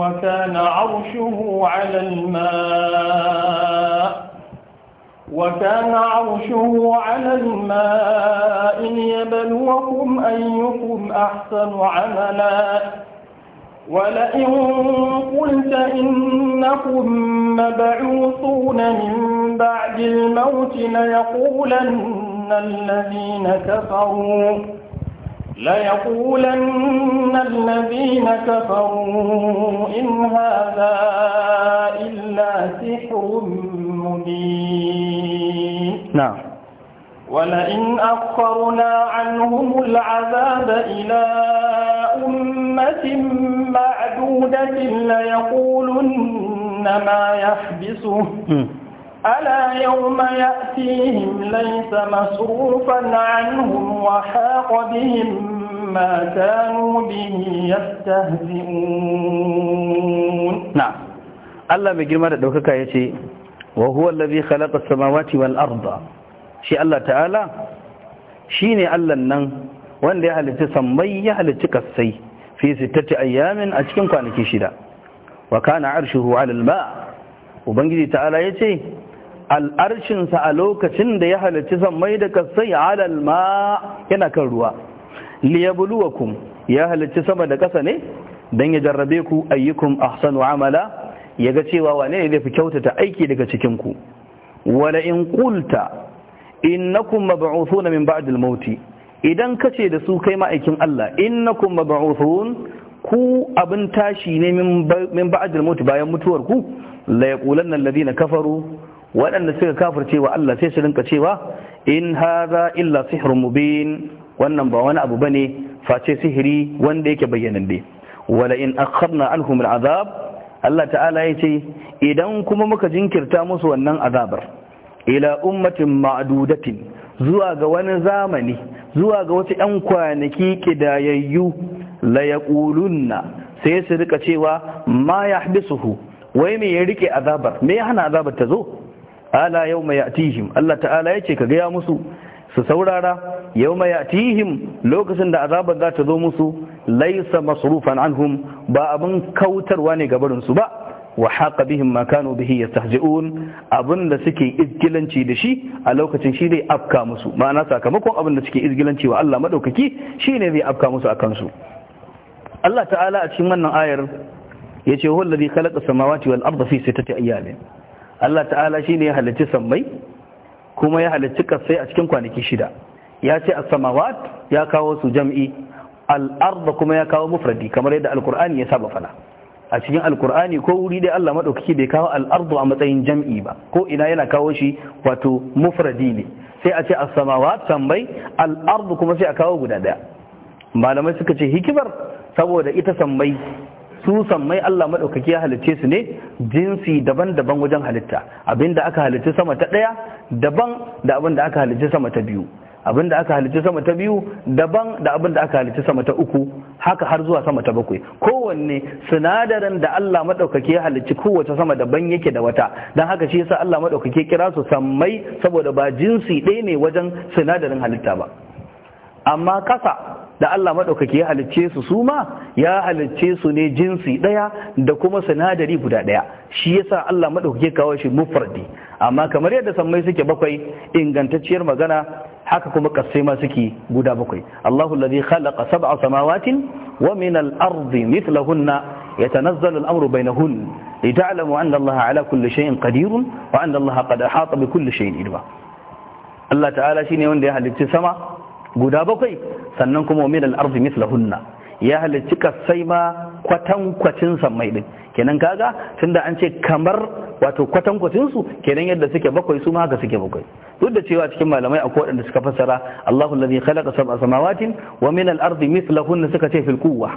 وكان عرشه على الماء وكان عرشه على الماء ليبلوكم أيكم أحسن عملا ولئن قلت إنكم مبعوثون من بعد الموت ليقولن الذين كفروا ليقولن الذين كفروا إن هذا إلا سحر مبين نعم ولئن أخرنا عنهم العذاب إلى أمة معدودة ليقولن ما يحبسه ألا يوم يأتيهم ليس مصروفا عنهم وحاق بهم ما كانوا به يستهزئون نعم الله بجمع دوكك يا شيخ wa huwa allazi khalaqa as-samawati wal arda shi Allah ta'ala shine Allah nan wanda ya halitta sammai ya halitta kasai fi sittati ayyamin a cikin kwanaki shida wa kana arshuhu 'ala al-ma ubangiji ta'ala yace ce sa a lokacin da ya halitta sammai da kasai 'ala al-ma yana kan ruwa liyabluwakum ya halitta sama da kasa ne dan ya jarrabe ku ayyukum ahsanu amala ya ga cewa wane ne fi kyautata aiki daga cikinku wala in qulta innakum mab'uthuna min ba'd al-maut idan kace da su kai ma'aikin Allah innakum mab'uthun ku abin tashi ne min ba'd al-maut bayan mutuwar ku la yaqulanna alladhina kafaru waɗanda suka kafirce wa Allah sai su rinka cewa in hadha illa sihrun mubin wannan ba wani abu bane face sihiri wanda yake bayyananne wala in akharna anhum al-azab Allah ta'ala ya ce idan kuma muka jinkirta musu wannan azabar ila ummatin ma'dudatin zuwa ga wani zamani zuwa ga wasu 'yan kwanaki kidayayyu la yaqulunna sai su rika cewa ma yahbisuhu wai me ya rike azabar me ya hana azabar ta zo ala yawma ya'tihim Allah ta'ala ya ce ka ga ya musu su saurara yau mai tihim lokacin da azabar za ta zo musu laisa masrufan anhum ba abin kautarwa ne gabarinsu ba wa haqa bihi ma bihi ya abin abinda suke izgilanci da shi a lokacin shi zai afka musu ma'ana sakamakon abin da suke izgilanci wa Allah shi ne zai afka musu a kansu. Allah ta'ala a cikin wannan ayar yace huwa alladhi khalaqa samawati wal arda fi ta ayyamin Allah ta'ala shi ne ya halarci sammai kuma ya halarci kasai a cikin kwanaki shida ya ce as-samawat ya kawo su jam'i al kuma ya kawo mufradi kamar yadda alkur'ani ya saba fada a cikin alkur'ani ko wuri dai Allah madaukaki bai kawo al a matsayin jam'i ba ko ina yana kawo shi wato mufradi ne sai a ce a samawat tambai al kuma sai a kawo guda ɗaya. malamai suka ce hikimar saboda ita tambai. su sammai Allah maɗaukaki ya halicce su ne jinsi daban-daban wajen halitta abinda aka halicci sama ta ɗaya daban da abinda aka halicci sama ta biyu abinda aka halicci sama ta biyu daban da abinda aka halicci sama ta uku haka har zuwa sama ta bakwai kowanne sinadarin da Allah maɗaukaki ya halicci kowace sama daban yake da wata don haka shi yasa Allah maɗaukaki kira su sammai saboda ba jinsi ɗaya ne wajen sinadarin halitta ba amma kasa da Allah maɗaukaki ya halicce su su ma ya halicce su ne jinsi ɗaya da kuma sinadari guda ɗaya shi yasa Allah maɗaukaki kawo shi mufardi amma kamar yadda sammai suke bakwai ingantacciyar magana haka kuma kasai ma suke guda bakwai Allahu alladhi khalaqa sab'a samawatin wa min al-ardi mithlahunna yatanazzalu al-amru bainahun lita'lamu anna Allah ala kulli shay'in qadirun wa anna Allah qad ahata bi kulli shay'in ilma Allah ta'ala shine wanda ya halicci sama guda bakwai sannan kuma wa minal ardi mislahunna ya halicci kasai ma kwatankwacin sammai din kenan kaga tunda an ce kamar wato kwatankwacinsu, kenan yadda suke bakwai su ma haka suke bakwai duk da cewa cikin malamai akwai waɗanda suka fassara Allahu allazi khalaqa sab'a samawatin wa minal ardi mislahunna suka ce fil quwwa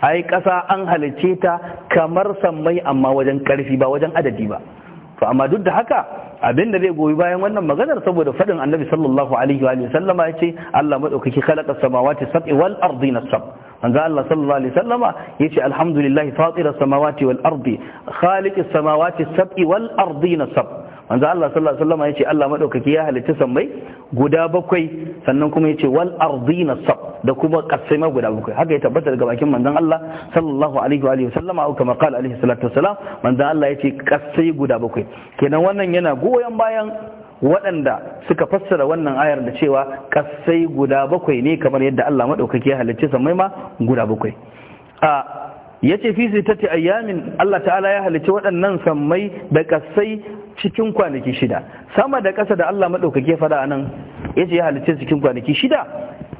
ai kasa an halicce ta kamar sammai amma wajen karfi ba wajen adadi ba to amma duk da haka abin da zai goyi bayan wannan maganar saboda fadin annabi sallallahu alaihi wa sallama yace Allah madaukaki khalaqa samawati sab'i wal ardina sab manzo Allah sallallahu alaihi sallama yace alhamdulillah fatira samawati wal ardi khaliqis samawati sab'i wal ardina sab manzo Allah sallallahu alaihi wasallam yace Allah madaukaki ya halitta sammai guda bakwai sannan kuma yace wal ardina sab da kuma kasima guda bakwai haka ya tabbata daga bakin manzon Allah sallallahu alaihi wa alihi wasallam au kama qala alaihi salatu wasalam manzon Allah yace kasai guda bakwai kenan wannan yana goyon bayan waɗanda suka fassara wannan ayar da cewa kasai guda bakwai ne kamar yadda Allah madaukaki ya halicci sammai ma guda bakwai a yace ce fi sittati ayyamin Allah ta'ala ya halicci waɗannan sammai da kasai cikin kwanaki shida sama da ƙasa da Allah maɗaukake faɗa a nan ya ce ya halicce cikin kwanaki shida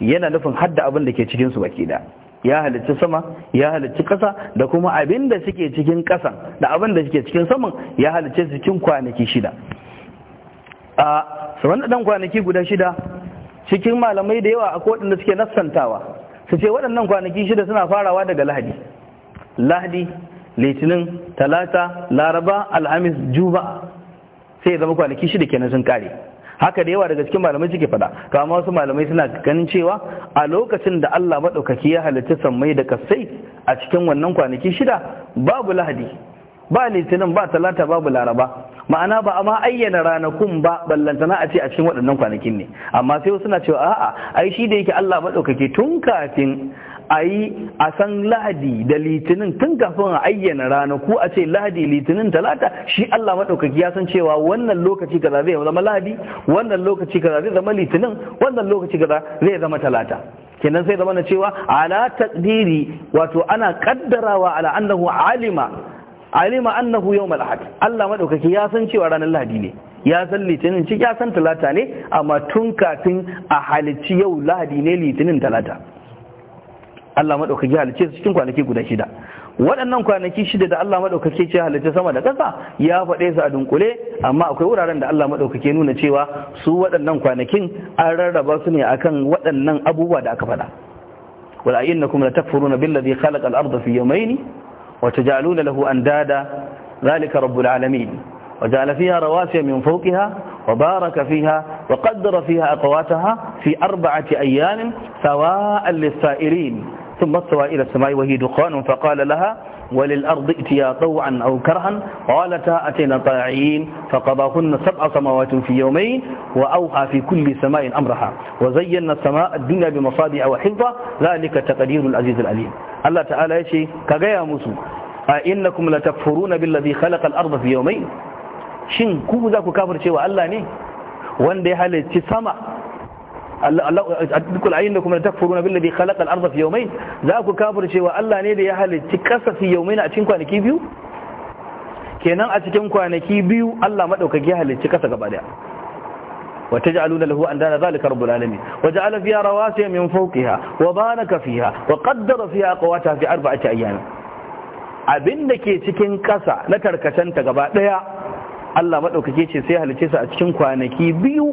yana nufin hadda abin da ke cikinsu baki da ya halicci sama ya halicci ƙasa da kuma abin da suke cikin ƙasan da abin da suke cikin saman ya halicce cikin kwanaki shida a saman ɗan kwanaki guda shida cikin malamai da yawa a akwai da suke nassantawa su ce waɗannan kwanaki shida suna farawa daga lahadi lahadi litinin talata laraba alhamis juma'a sai ya zama kwanaki shida kenan sun kare haka da yawa daga cikin malamai suke fada to amma wasu malamai suna ganin cewa a lokacin da Allah maɗaukaki ya halitta sammai da kasai a cikin wannan kwanaki shida babu lahadi ba litinin ba talata babu laraba ma'ana ba a ma ayyana ranakun ba ballantana a ce a cikin waɗannan kwanakin ne amma sai suna cewa a'a ai shi da yake Allah maɗaukaki tun kafin a yi a san lahadi da litinin tun kafin a ayyana ranaku a ce lahadi litinin talata shi Allah maɗaukaki ya san cewa wannan lokaci kaza zai zama lahadi wannan lokaci kaza zai zama litinin wannan lokaci kaza zai zama talata kenan sai zama na cewa ala takdiri wato ana kaddarawa ala annahu alima alima annahu yawmal ahad Allah madaukaki ya san cewa ranar lahadi ne ya san litinin ci ya san talata ne amma tun kafin a halici yau lahadi ne litinin talata Allah madaukaki halicce su cikin kwanaki guda shida waɗannan kwanaki shida da Allah madaukaki ce halicce sama da ƙasa ya faɗe su a dunkule amma akwai wuraren da Allah madaukaki nuna cewa su waɗannan kwanakin an rarraba su ne akan waɗannan abubuwa da aka faɗa wala ayyinnakum latakfuruna billadhi khalaqa al-ardha fi yawmayni وتجعلون له أندادا ذلك رب العالمين وجعل فيها رواسي من فوقها وبارك فيها وقدر فيها أقواتها في أربعة أيام سواء للسائرين ثم استوى إلى السماء وهي دخان فقال لها وللأرض ائتيا طوعا أو كرها قالتا أتينا طائعين فقضاهن سبع سماوات في يومين وأوحى في كل سماء أمرها وزينا السماء الدنيا بمصابع وحفظة ذلك تقدير العزيز الأليم الله تعالى يشي كغيا موسو أئنكم لتكفرون بالذي خلق الأرض في يومين شن ku كافر شيء kafirce wa Allah ne wanda dukkan ayin da kuma da takfuruna billahi khalaqa al-ardha fi yawmayn za ku kafir cewa Allah ne da ya halicci kasa fi yawmayn a cikin kwanaki biyu kenan a cikin kwanaki biyu Allah maɗaukaki ya halicci kasa gaba daya وتجعلون له أندادا ذلك رب العالمين وجعل فيها رواسي من فوقها وبارك فيها وقدر فيها قواتها في أربعة أيام abin da ke cikin ƙasa na tarkacenta gaba ɗaya Allah maɗaukake ce sai halice sa a cikin kwanaki biyu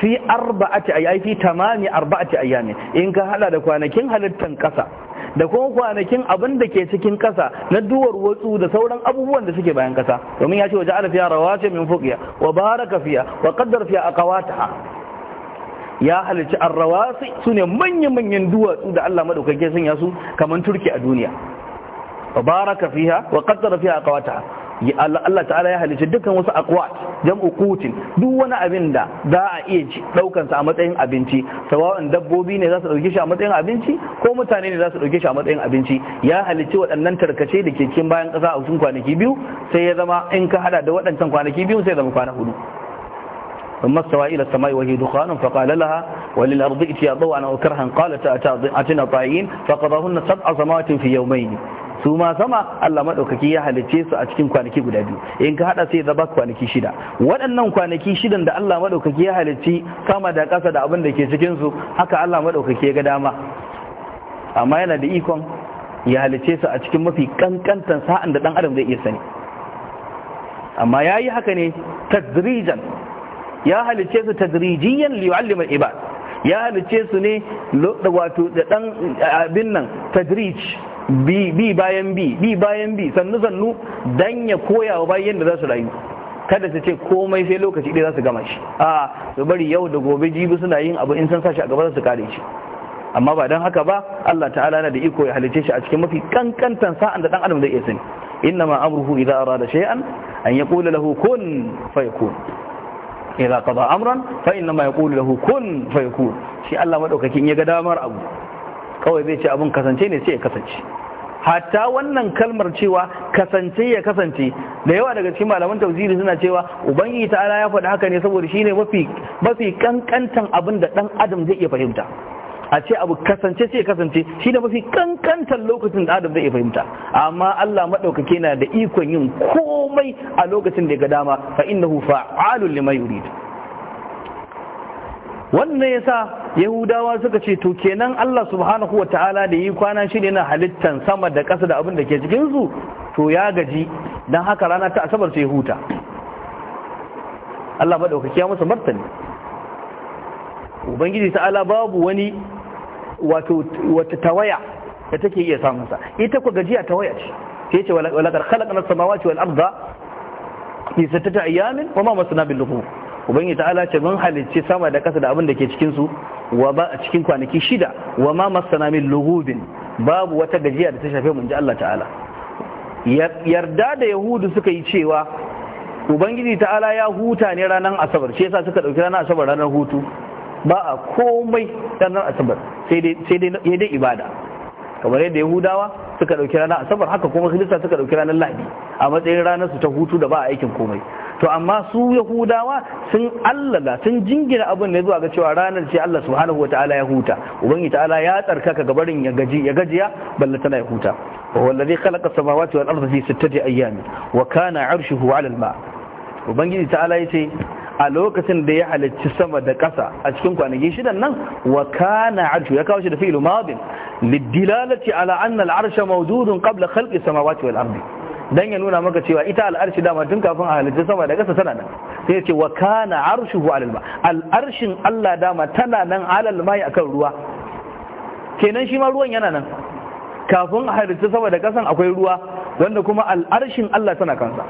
fi arba'ati ayyami fi tamami arba'ati ayyami in ka hada da kwanakin halittan kasa da kuma kwanakin abin da ke cikin kasa na duwar watsu da sauran abubuwan da suke bayan kasa domin ya ce wa ja'ala fiha rawasi min fuqiya wa baraka fiya wa qaddara fiha a, ya halici arrawasi ne manyan manyan duwatsu da Allah madaukake sun yasu kaman turki a duniya wa baraka fiha wa qaddara fiha aqwataha Allah ta'ala ya halice dukkan wasu akwat jam'u qutin duk wani abin da za a iya daukan sa a matsayin abinci sawa'un dabbobi ne za su dauke shi a matsayin abinci ko mutane ne za su dauke shi a matsayin abinci ya halice waɗannan tarkace da ke cikin bayan ƙasa a cikin kwanaki biyu sai ya zama in ka hada da waɗancan kwanaki biyu sai zama kwana hudu ثم استوى إلى السماء وهي دخان فقال لها وللأرض ائتيا ضوءا أو كرها قالت أتنا طائعين فقضاهن سبع سماوات في يومين su ma sama Allah madaukaki ya halice su a cikin kwanaki guda biyu in ka hada sai zaba kwanaki shida waɗannan kwanaki shidan da Allah madaukaki ya halici sama da ƙasa da abin da ke cikin su haka Allah madaukaki ya ga dama amma yana da ikon ya halice su a cikin mafi kankantan sa'an da dan adam zai iya sani amma yayi haka ne tadrijan ya halice su tadrijiyan li yu'allima al-ibad ya halice su ne wato da dan abin nan tadrij bi bi bayan bi bi bayan bi sannu sannu dan ya koya wa bayan da za su rayu kada su ce komai sai lokaci ɗaya za su gama shi a su bari yau da gobe jibi suna yin abu in san sashi a gaba za su kare shi amma ba don haka ba Allah ta'ala na da iko ya halice shi a cikin mafi kankantan sa'an da dan adam zai iya sani inna ma amruhu idza arada shay'an an yaqula lahu kun fayakun idza qada amran fa inna ma yaqulu lahu kun fayakun shi Allah madaukakin ya ga damar abu kawai zai ce abin kasance ne sai ya kasance hatta wannan kalmar cewa kasance ya kasance da yawa daga cikin malaman tafsiri suna cewa ubangiji ta'ala ya faɗi haka ne saboda shine mafi mafi kankantan abin da ɗan adam zai iya fahimta a ce abu kasance sai kasance shi da mafi kankantar lokacin da adam zai iya fahimta amma Allah maɗaukaki na da ikon yin komai a lokacin da ya ga dama fa innahu fa'alul lima yurid wannan ya sa yahudawa suka ce to kenan Allah subhanahu wa ta'ala da yi kwana shi ne na halittan sama da ƙasa da abin da ke cikinsu? to ya gaji don haka rana ta asabar sai huta Allah maɗaukaki ya masa martani ubangiji ta'ala babu wani wato wata tawaya da take iya samun sa ita ku gajiya tawaya ce sai ce wala kar khalaqna as-samawati wal arda fi sittati ayamin wa ma masna bil lughub ubangi ta'ala ce mun halicci sama da kasa da abin da ke cikin su wa ba a cikin kwanaki shida wa ma masana min lughubin babu wata gajiya da ta shafe mun ji Allah ta'ala yarda da yahudu suka yi cewa ubangiji ta'ala ya huta ne ranar asabar shi yasa suka dauki ranar asabar ranar hutu ba a komai ranar asabar sai dai dai ibada kamar yadda yahudawa suka dauki ranar asabar haka kuma kristiyan suka dauki ranar lahadi a matsayin ranar su ta hutu da ba a aikin komai to amma su yahudawa sun allala sun jingina abin ne zuwa ga cewa ranar ce Allah subhanahu wataala ya huta ubangi ta'ala ya tsarkaka ga barin ya gaji ya gajiya balla tana ya huta wa wallazi khalaqa samawati wal arda fi sittati ayyamin wa kana 'arshuhu 'ala al-ma ubangiji ta'ala yace a lokacin da ya halicci sama da ƙasa a cikin kwanaki shidan nan wa kana arshu ya kawo shi da fi'il madin lidilalati ala anna al-arsha mawjudun qabla khalqi samawati wal ardi dan ya nuna maka cewa ita al'arshi dama tun kafin a halitta sama da ƙasa tana nan sai ya ce wa kana arshuhu alal ma al'arshin Allah dama tana nan alal ma akan ruwa kenan shi ma ruwan yana nan kafin a halitta sama da ƙasan akwai ruwa wanda kuma al'arshin Allah tana kansa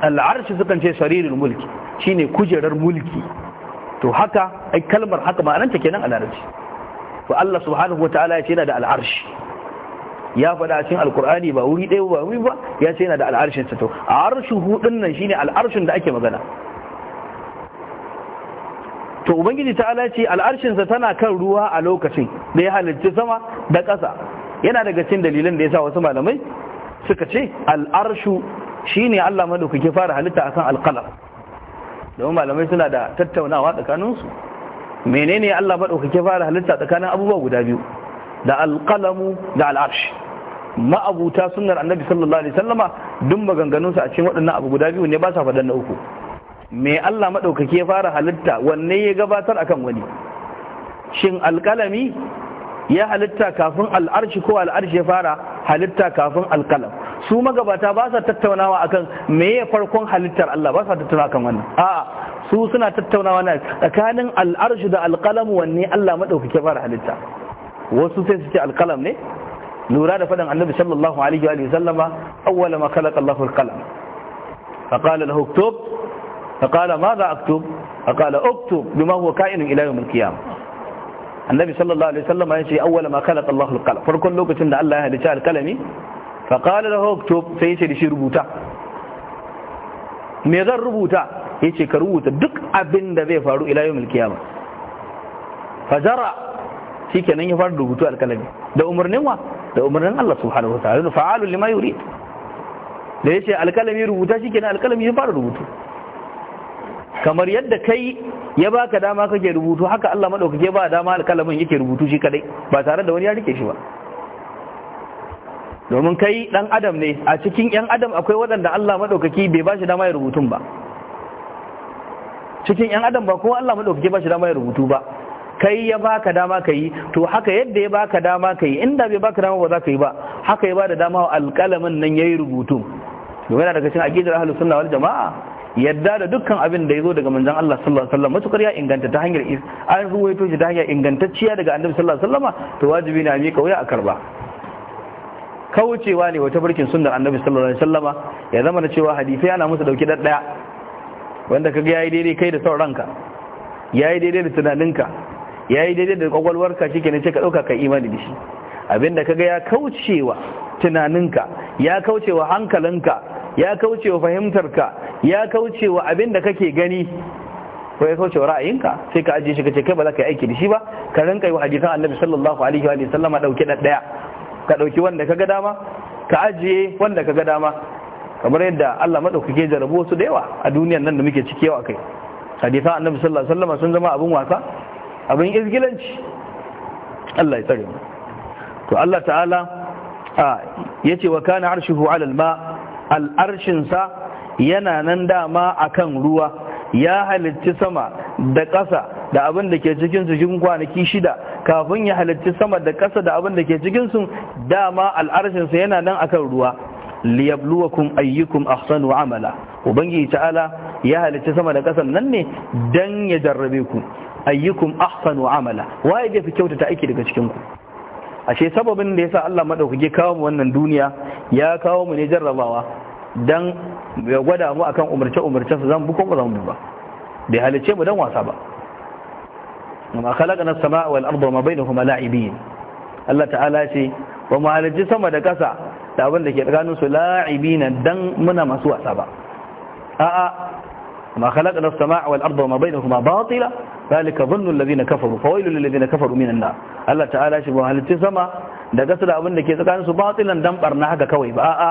al'arshi sukan ce sarirul mulki shine kujerar mulki to haka ai kalmar haka ta kenan a larabci to Allah subhanahu wataala ya ce yana da al'arshi ya faɗa cikin alkur'ani ba wuri ɗaya ba wuri ba ya ce yana da al'arshin sa to arshu hudun nan shine al'arshin da ake magana to ubangiji ta'ala ce al'arshin sa tana kan ruwa a lokacin da ya halarci sama da ƙasa yana daga cikin dalilan da yasa wasu malamai suka ce al'arshu shine Allah madaukake fara halitta akan alqalam domin malamai suna da tattaunawa tsakaninsu menene Allah madaukake fara halitta tsakanin abubuwa guda biyu da alƙalamu da al'arshi ma'abuta sunnar annabi sallallahu alaihi sallama duk maganganunsa a cikin waɗannan abu guda biyu ne ba sa faɗan na uku me Allah maɗaukaki ya fara halitta wanne ya gabatar akan wani shin alƙalami ya halitta kafin al'arshi ko al'arshi ya fara halitta kafin alƙalam su magabata ba sa tattaunawa akan me ya farkon halittar Allah ba sa tattaunawa akan wannan a'a su suna tattaunawa na tsakanin al'arshi da alƙalam wanne Allah maɗaukaki ya fara halitta wasu sai su ce alkalam ne lura da faɗin annabi sallallahu alaihi wa sallama awwala ma khalaqa Allahu alqalam fa qala lahu uktub fa qala madha aktub fa qala uktub bima huwa ka'inun ila yawm alqiyam annabi sallallahu alaihi wa sallama yace awwala ma khalaqa Allahu alqalam farkon lokacin da Allah ya halicci alkalami fa qala lahu uktub sai yace da shi rubuta me zan rubuta yace ka rubuta duk abin da zai faru ila yawm alqiyam fajara shikenan ya fara rubutu alkalami da umarnin wa da umarnin Allah subhanahu ta'ala fa'alu lima yurid da yace alkalami rubuta shikenan alkalami ya fara rubutu kamar yadda kai ya baka dama kake rubutu haka Allah madaukake ba dama alkalamin yake rubutu shi kadai ba tare da wani ya rike shi ba domin kai dan adam ne a cikin yan adam akwai waɗanda Allah madaukake bai bashi dama ya rubutun ba cikin yan adam ba kowa Allah madaukake bashi dama ya rubutu ba kai ya baka dama ka yi to haka yadda ya baka dama ka yi inda bai baka dama ba za ka yi ba haka ya bada dama wa alƙalamin nan ya yi rubutu domin daga cikin aqidar ahlus sunna wal jamaa yadda da dukkan abin da yazo daga manzon Allah sallallahu alaihi wasallam matukar ya inganta ta hanyar an ruwaito shi ta hanyar ingantacciya daga annabi sallallahu alaihi wasallama to wajibi ne a miƙa wuya a karba kaucewa ne wata barkin sunnar annabi sallallahu alaihi wasallama ya zama na cewa hadisi ana musu dauki daddaya wanda kaga yayi daidai kai da sauranka yayi daidai da tunaninka ya yi daidai da kwakwalwarka shi kenan sai ka ɗauka ka imani da shi abinda kaga ya kaucewa tunaninka ya kaucewa hankalinka ya kaucewa fahimtarka ya kaucewa abinda kake gani ko ya kaucewa ra'ayinka sai ka ajiye shi ka ce kai ba za ka yi aiki da shi ba ka rinka yi wa hadisan annabi sallallahu alaihi wa sallama dauke da daya ka dauki wanda kaga dama ka ajiye wanda kaga dama kamar yadda Allah madaukake jarabo su da yawa a duniyar nan da muke ciki yau akai hadisan annabi sallallahu alaihi wa sallama sun zama abin wasa abin izgilanci Allah ya tsare mu to Allah ta'ala yace wa kana arshuhu 'ala al-ma al yana nan dama akan ruwa ya halitti sama da ƙasa da abin da ke cikin su cikin kwanaki shida kafin ya halitti sama da ƙasa da abin da ke cikin su dama al'arshin yana nan akan ruwa liyabluwakum ayyukum ahsanu amala ubangiji ta'ala ya halitta sama da ƙasa nan ne dan ya jarrabe ku ayyukum ahsanu amala waye ya fi kyautata aiki daga cikin ku ashe sababin da yasa Allah madaukake kawo mu wannan duniya ya kawo mu ne jarrabawa dan ya gwada mu akan umarce umarce su zan bukon zan ba bai halice mu dan wasa ba amma khalaqna as-samaa wal arda wa ma bainahuma la'ibin Allah ta'ala ce wa ma halice sama da kasa da abin da ke tsakanin su la'ibina dan muna masu wasa ba a'a ma khalaqna as-samaa wal arda wa ma bainahuma batila zalika zannul ladina kafaru fawailul lil ladina kafaru minan nar Allah ta'ala shi ba halitta sama da gasu da abin da ke tsakanin su batilan dan barna haka kawai ba a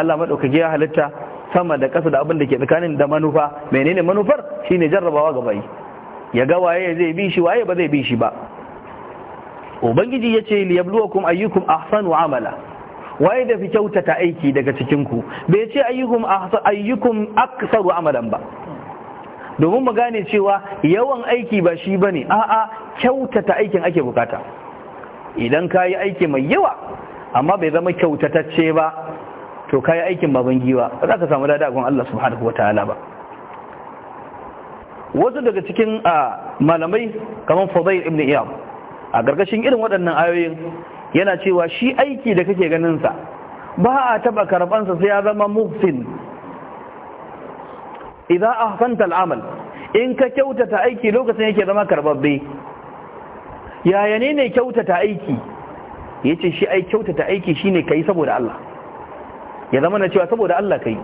Allah madaukaki ya halitta sama da ƙasa da abin da ke tsakanin da manufa menene manufar shine jarrabawa ga bayi ya ga waye zai bi shi waye ba zai bi shi ba ubangiji yace liyabluwakum ayyukum ahsanu amala waye da fi kyautata aiki daga cikin ku bai ce ayyukum ayyukum aktsaru amalan ba domin mu gane cewa yawan aiki ba shi bane a'a kyautata aikin ake bukata idan ka yi aiki mai yawa amma bai zama kyautatacce ba to ka yi aikin baban giwa za ka samu dada gun Allah subhanahu wa ta'ala ba wasu daga cikin malamai kamar fadai ibn iyam a gargashin irin waɗannan ayoyin yana cewa shi aiki da kake ganinsa ba a taɓa karɓansa sai ya zama muhsin idza ahsanta al'amal in ka kyautata aiki lokacin yake zama karbabbe yaya ne ne kyautata aiki yace shi ai kyautata aiki shine kai saboda Allah ya zama na cewa saboda Allah kai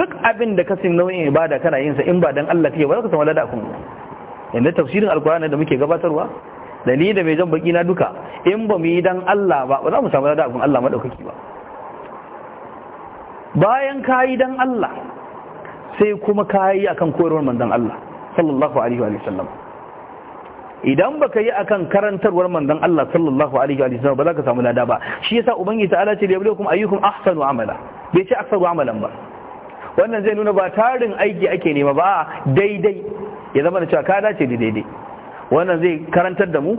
duk abin da ka sin nau'in ibada kana yin sa in ba dan Allah kake ba za ka samu lada kun yanda tafsirin alqur'ani da muke gabatarwa da ni da mai jan baki na duka in ba mu yi dan Allah ba ba za mu samu lada kun Allah madaukaki ba bayan kayi dan Allah sai kuma a kan koyarwar mandan Allah sallallahu alaihi wa sallam idan baka yi a kan karantarwar mandan Allah sallallahu alaihi wa sallam ba za ka samu lada ba shi yasa ta ala ce kuma ayyukum ahsanu amala bai ce aksaru amalan ba wannan zai nuna ba tarin aiki ake nema ba daidai ya zama da cewa ka dace da daidai wannan zai karantar da mu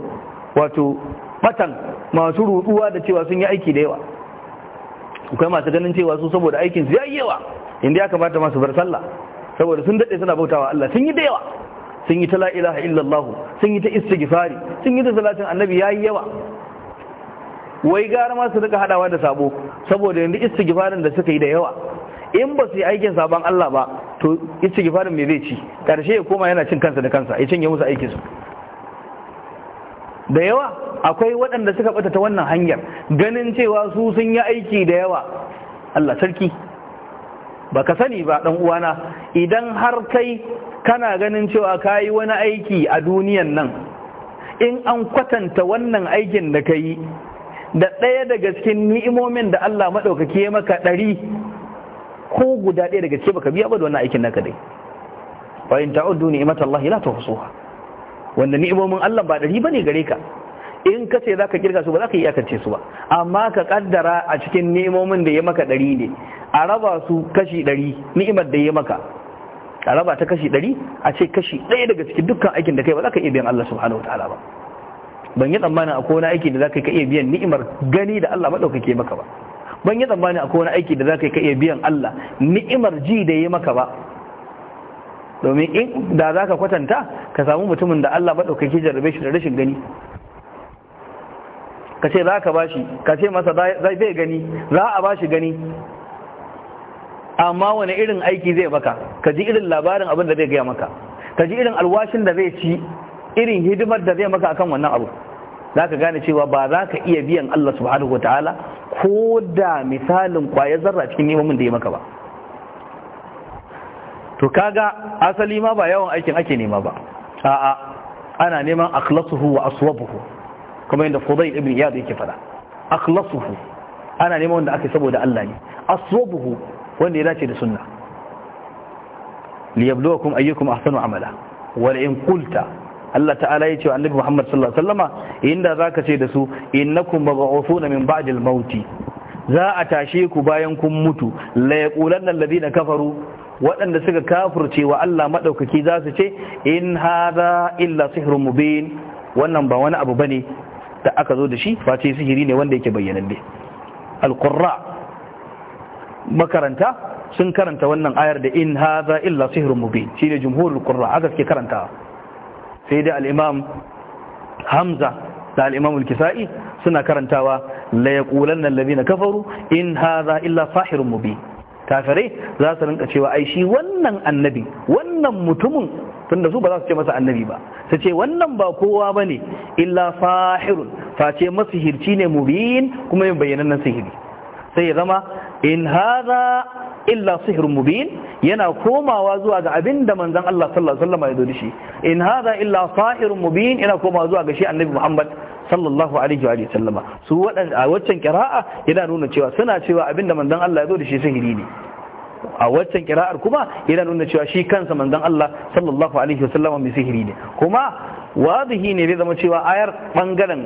wato batan masu ruduwa da cewa sun yi aiki da yawa akwai masu ganin cewa su saboda aikin su yi yawa inda ya kamata masu bar sallah saboda sun daɗe suna bautawa Allah sun yi da yawa sun yi ta la ilaha illallah sun yi ta istighfari sun yi ta salatin annabi yayi yawa wai gara ma su rika hadawa da sabo saboda yanzu istighfarin da suka yi da yawa in ba su yi aikin sabon Allah ba to istighfarin me zai ci karshe ya koma yana cin kansa da kansa ya cinye musu aikin su da yawa akwai waɗanda suka bata ta wannan hanyar ganin cewa su sun yi aiki da yawa Allah sarki baka sani ba dan uwana idan har kai kana ganin cewa kayi wani aiki a duniyan nan in an kwatanta wannan aikin da kayi da ɗaya daga cikin ni'imomin da Allah maɗaukaki ya maka ɗari ko guda ɗaya daga cikin baka biya ba da wannan aikin naka dai fa in ta'uddu ni'matallahi la tuhsuha wannan ni'imomin Allah ba ɗari bane gare ka in ka ce za ka kirga su ba za ka iyakance su ba amma ka kaddara a cikin nemomin da ya maka ɗari ne a raba su kashi ɗari ni'imar da ya maka a raba ta kashi ɗari a ce kashi ɗaya daga cikin dukkan aikin da kai ba za ka iya biyan Allah subhanahu wa ta'ala ba ban yi tsammanin akwai wani aiki da za ka iya biyan ni'imar gani da Allah maɗaukake maka ba ban yi tsammanin akwai wani aiki da za ka iya biyan Allah ni'imar ji da ya maka ba domin in da za ka kwatanta ka samu mutumin da Allah maɗaukake jarrabe shi da rashin gani ka ce za ka ba shi, ka ce masa zai bai gani za a shi gani amma wani irin aiki zai baka ka ji irin labarin abin da zai gaya maka ka ji irin alwashin da zai ci irin hidimar da zai maka akan wannan abu za ka gane cewa ba za ka iya biyan Allah subhanahu ta'ala ko da misalin kwaya zarra cikin neman da ya maka ba to kaga asali ma ba yawan aikin ake nema ba a'a ana neman akhlasuhu wa aswabuhu kuma yadda fudayl ibn iyad yake fada akhlasuhu ana neman wanda aka saboda Allah ne aswabuhu wanda ya dace da sunna liyabluwakum ayyukum ahsanu amala wal in qulta Allah ta'ala ya ce wa annabi Muhammad sallallahu alaihi wasallama inda zaka ce da su innakum mab'uthuna min ba'dil mauti za a tashe ku bayan kun mutu la yaqulanna alladhina kafaru waɗanda suka kafurce wa Allah maɗaukaki za su ce in hada illa sihrun mubin wannan ba wani abu bane da aka zo da shi face sihiri ne wanda yake bayyananne alqurra makaranta sun karanta wannan ayar da in haza illa sihrun mubin shine jumhurul qurra aka suke karanta sai da al-imam hamza da al-imam kisai suna karantawa la yaqulanna na kafaru in haza illa sahirun mubin kafirai za su rinka cewa ai shi wannan annabi wannan mutumin tunda su ba za su ce masa annabi ba su ce wannan ba kowa ba ne illa fahirun face masihirci ne mubin kuma yin nan sihiri sai ya zama in hada illa sihir mubin yana komawa zuwa ga abin da manzon Allah sallallahu alaihi wasallam ya zo shi in hada illa sahirun mubin yana komawa zuwa ga shi annabi Muhammad sallallahu alaihi wa sallama su waɗanda a waccan kira'a yana nuna cewa suna cewa abinda manzon Allah ya zo da shi sihiri ne a waccan kira'ar kuma yana nuna cewa shi kansa manzon Allah sallallahu alaihi wa sallama mai sihiri ne kuma wadihi ne zai zama cewa ayar bangaren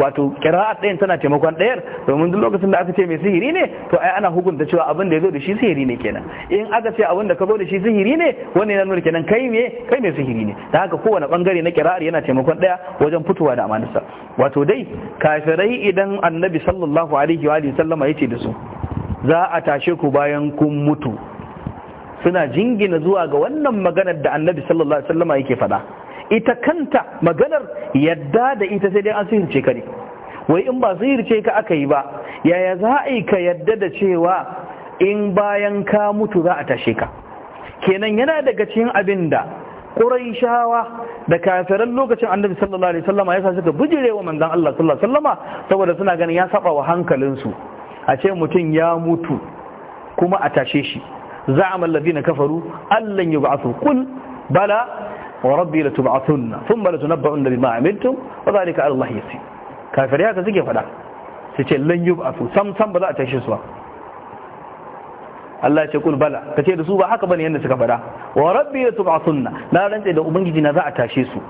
wato kira'a ɗayan tana taimakon ɗayar domin duk lokacin da aka ce mai sihiri ne to ai ana hukunta cewa abin da ya zo da shi sihiri ne kenan in aka ce abin da ka zo da shi sihiri ne wani yana nuna kenan kai me kai mai sihiri ne da haka kowane bangare na kira'ar yana taimakon ɗaya wajen fitowa da amanarsa wato dai kafirai idan annabi sallallahu alaihi wa sallama ya ce da su za a tashe ku bayan kun mutu suna jingina zuwa ga wannan maganar da annabi sallallahu alaihi sallama yake faɗa ita kanta maganar yadda da ita sai dai an sihirce ka ne wai in ba sihirce ka aka yi ba yaya za a yi ka yadda da cewa in bayan ka mutu za a tashe ka kenan yana daga cikin abin da ƙuraishawa da kafiran lokacin annabi sallallahu alaihi wasallama yasa suka bujire wa manzon Allah sallallahu alaihi wasallama saboda suna ganin ya saba wa hankalinsu a ce mutum ya mutu kuma a tashe shi za'amal ladina kafaru allan yub'athu qul bala وربي لتبعثن ثم لتنبؤن بما عملتم وذلك على الله يسير كافر haka suke fada su ce lan yub'athu sam sam ba za a tashi su ba Allah ya ce kul bala kace da su ba haka bane yanda suka fada wa rabbi latub'athunna na rantsa da ubangiji na za a tashe su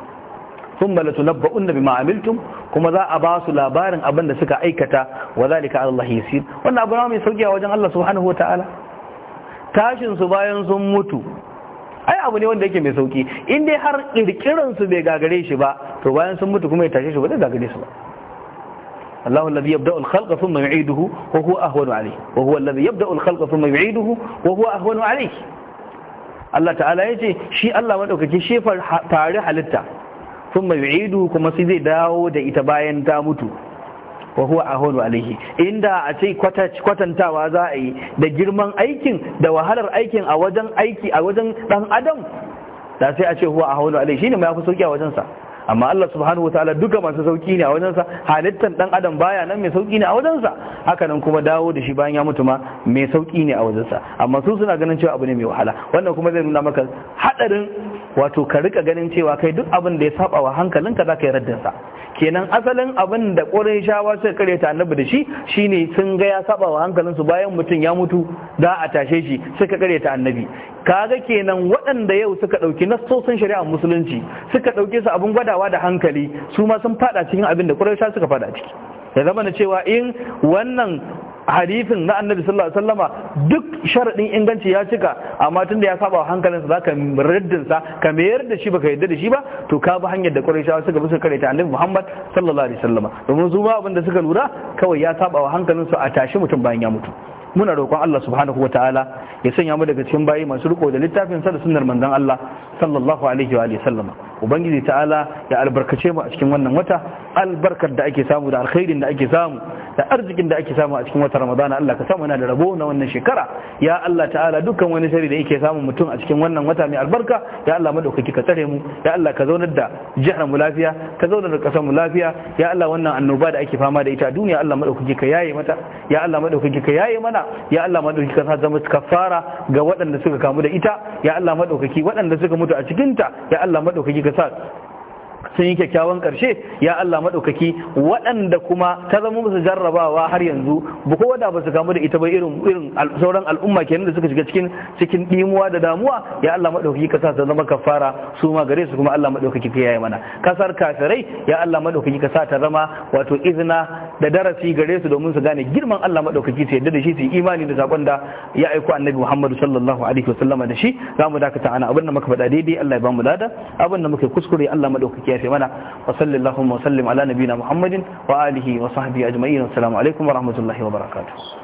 thumma latunabba'unna bima amiltum kuma za a ba labarin abin da suka aikata wa Allah yasir wannan abu mai a wajen Allah subhanahu Tashinsu tashin su bayan sun mutu ai abu ne wanda yake mai sauki in dai har kirkiran su bai gagare shi ba to bayan sun mutu kuma ya tashe shi ba zai gagare su ba Allahu alladhi yabda'u al-khalqa thumma yu'iduhu wa huwa ahwanu alayhi wa huwa alladhi yabda'u al-khalqa thumma yu'iduhu wa huwa ahwanu alayhi Allah ta'ala yace shi Allah madaukake shi far tare halitta thumma yu'iduhu kuma sai zai dawo da ita bayan ta mutu wa huwa ahonu alaihi inda a ce kwatantawa za a yi da girman aikin da wahalar aikin a wajen aiki a wajen dan adam da sai a ce huwa ahonu alaihi shine mai yafi sauki a wajensa amma Allah subhanahu wataala duka masu sauki ne a wajensa halittan dan adam baya nan mai sauki ne a wajensa haka nan kuma dawo da shi bayan ya mutu ma mai sauki ne a wajensa amma su suna ganin cewa abu ne mai wahala wannan kuma zai nuna maka hadarin wato ka rika ganin cewa kai duk abin da ya saba wa ka za ka yi raddinsa kenan asalin abin da ƙorin shawa suka kare ta annabi da shi shine sun ga ya saba wa su bayan mutum ya mutu za a tashe shi suka kare ta annabi kaga kenan waɗanda yau suka ɗauki nassosin shari'ar musulunci suka ɗauke su abin gwadawa da hankali su ma sun faɗa cikin abin da ƙorin suka faɗa ciki ya zama na cewa in wannan hadisin na annabi sallallahu alaihi wasallama duk sharadin inganci ya cika amma tunda ya saba hankalinsa zaka raddin sa ka mayar da shi baka yarda da shi ba to ka bi hanyar da Qurayshawa suka bi suka karanta annabi Muhammad sallallahu alaihi wasallama domin su ba abin da suka lura kawai ya saba wa su a tashi mutum bayan ya mutu muna roƙon Allah subhanahu wa ta'ala ya sanya mu daga cikin bayi masu riko da littafin sa da sunnar manzon Allah sallallahu alaihi wa alihi sallama ubangiji ta'ala ya albarkace mu a cikin wannan wata albarkar da ake samu da alkhairin da ake samu da arzikin da ake samu a cikin wata ramadana Allah ka samu yana da rabo na wannan shekara ya Allah ta'ala dukkan wani sari da yake samun mutum a cikin wannan wata mai albarka ya Allah madaukaki ka tsare mu ya Allah ka zaunar da jihar mu lafiya ka zaunar da kasar mu lafiya ya Allah wannan annoba da ake fama da ita a duniya Allah madaukaki ka yaye mata ya Allah madaukaki ka yaye mana ya Allah madaukaki ka sa zama kafara ga waɗanda suka kamu da ita ya Allah madaukaki waɗanda suka mutu a cikin ta ya Allah madaukaki ka sa sun yi kyakkyawan karshe ya Allah maɗaukaki waɗanda kuma ta zama musu jarrabawa har yanzu ba kowa da ba su kamu da ita ba irin irin sauran al'umma kenan da suka shiga cikin cikin dimuwa da damuwa ya Allah maɗaukaki ka sa ta zama kafara su ma gare su kuma Allah maɗaukaki ka yaye mana kasar kafirai ya Allah maɗaukaki ka sa ta zama wato izina da darasi gare su domin su gane girman Allah maɗaukaki su yadda da shi su yi imani da zaɓen da ya aiko annabi Muhammadu sallallahu alaihi wasallama da shi za mu dakata ana abin da muka faɗa daidai Allah ya ba mu lada abin da muka kuskure Allah maɗaukaki ya yafe mana wa sallallahu wa sallim ala nabina muhammadin wa alihi wa sahbihi ajma'in assalamu alaikum wa rahmatullahi wa barakatuh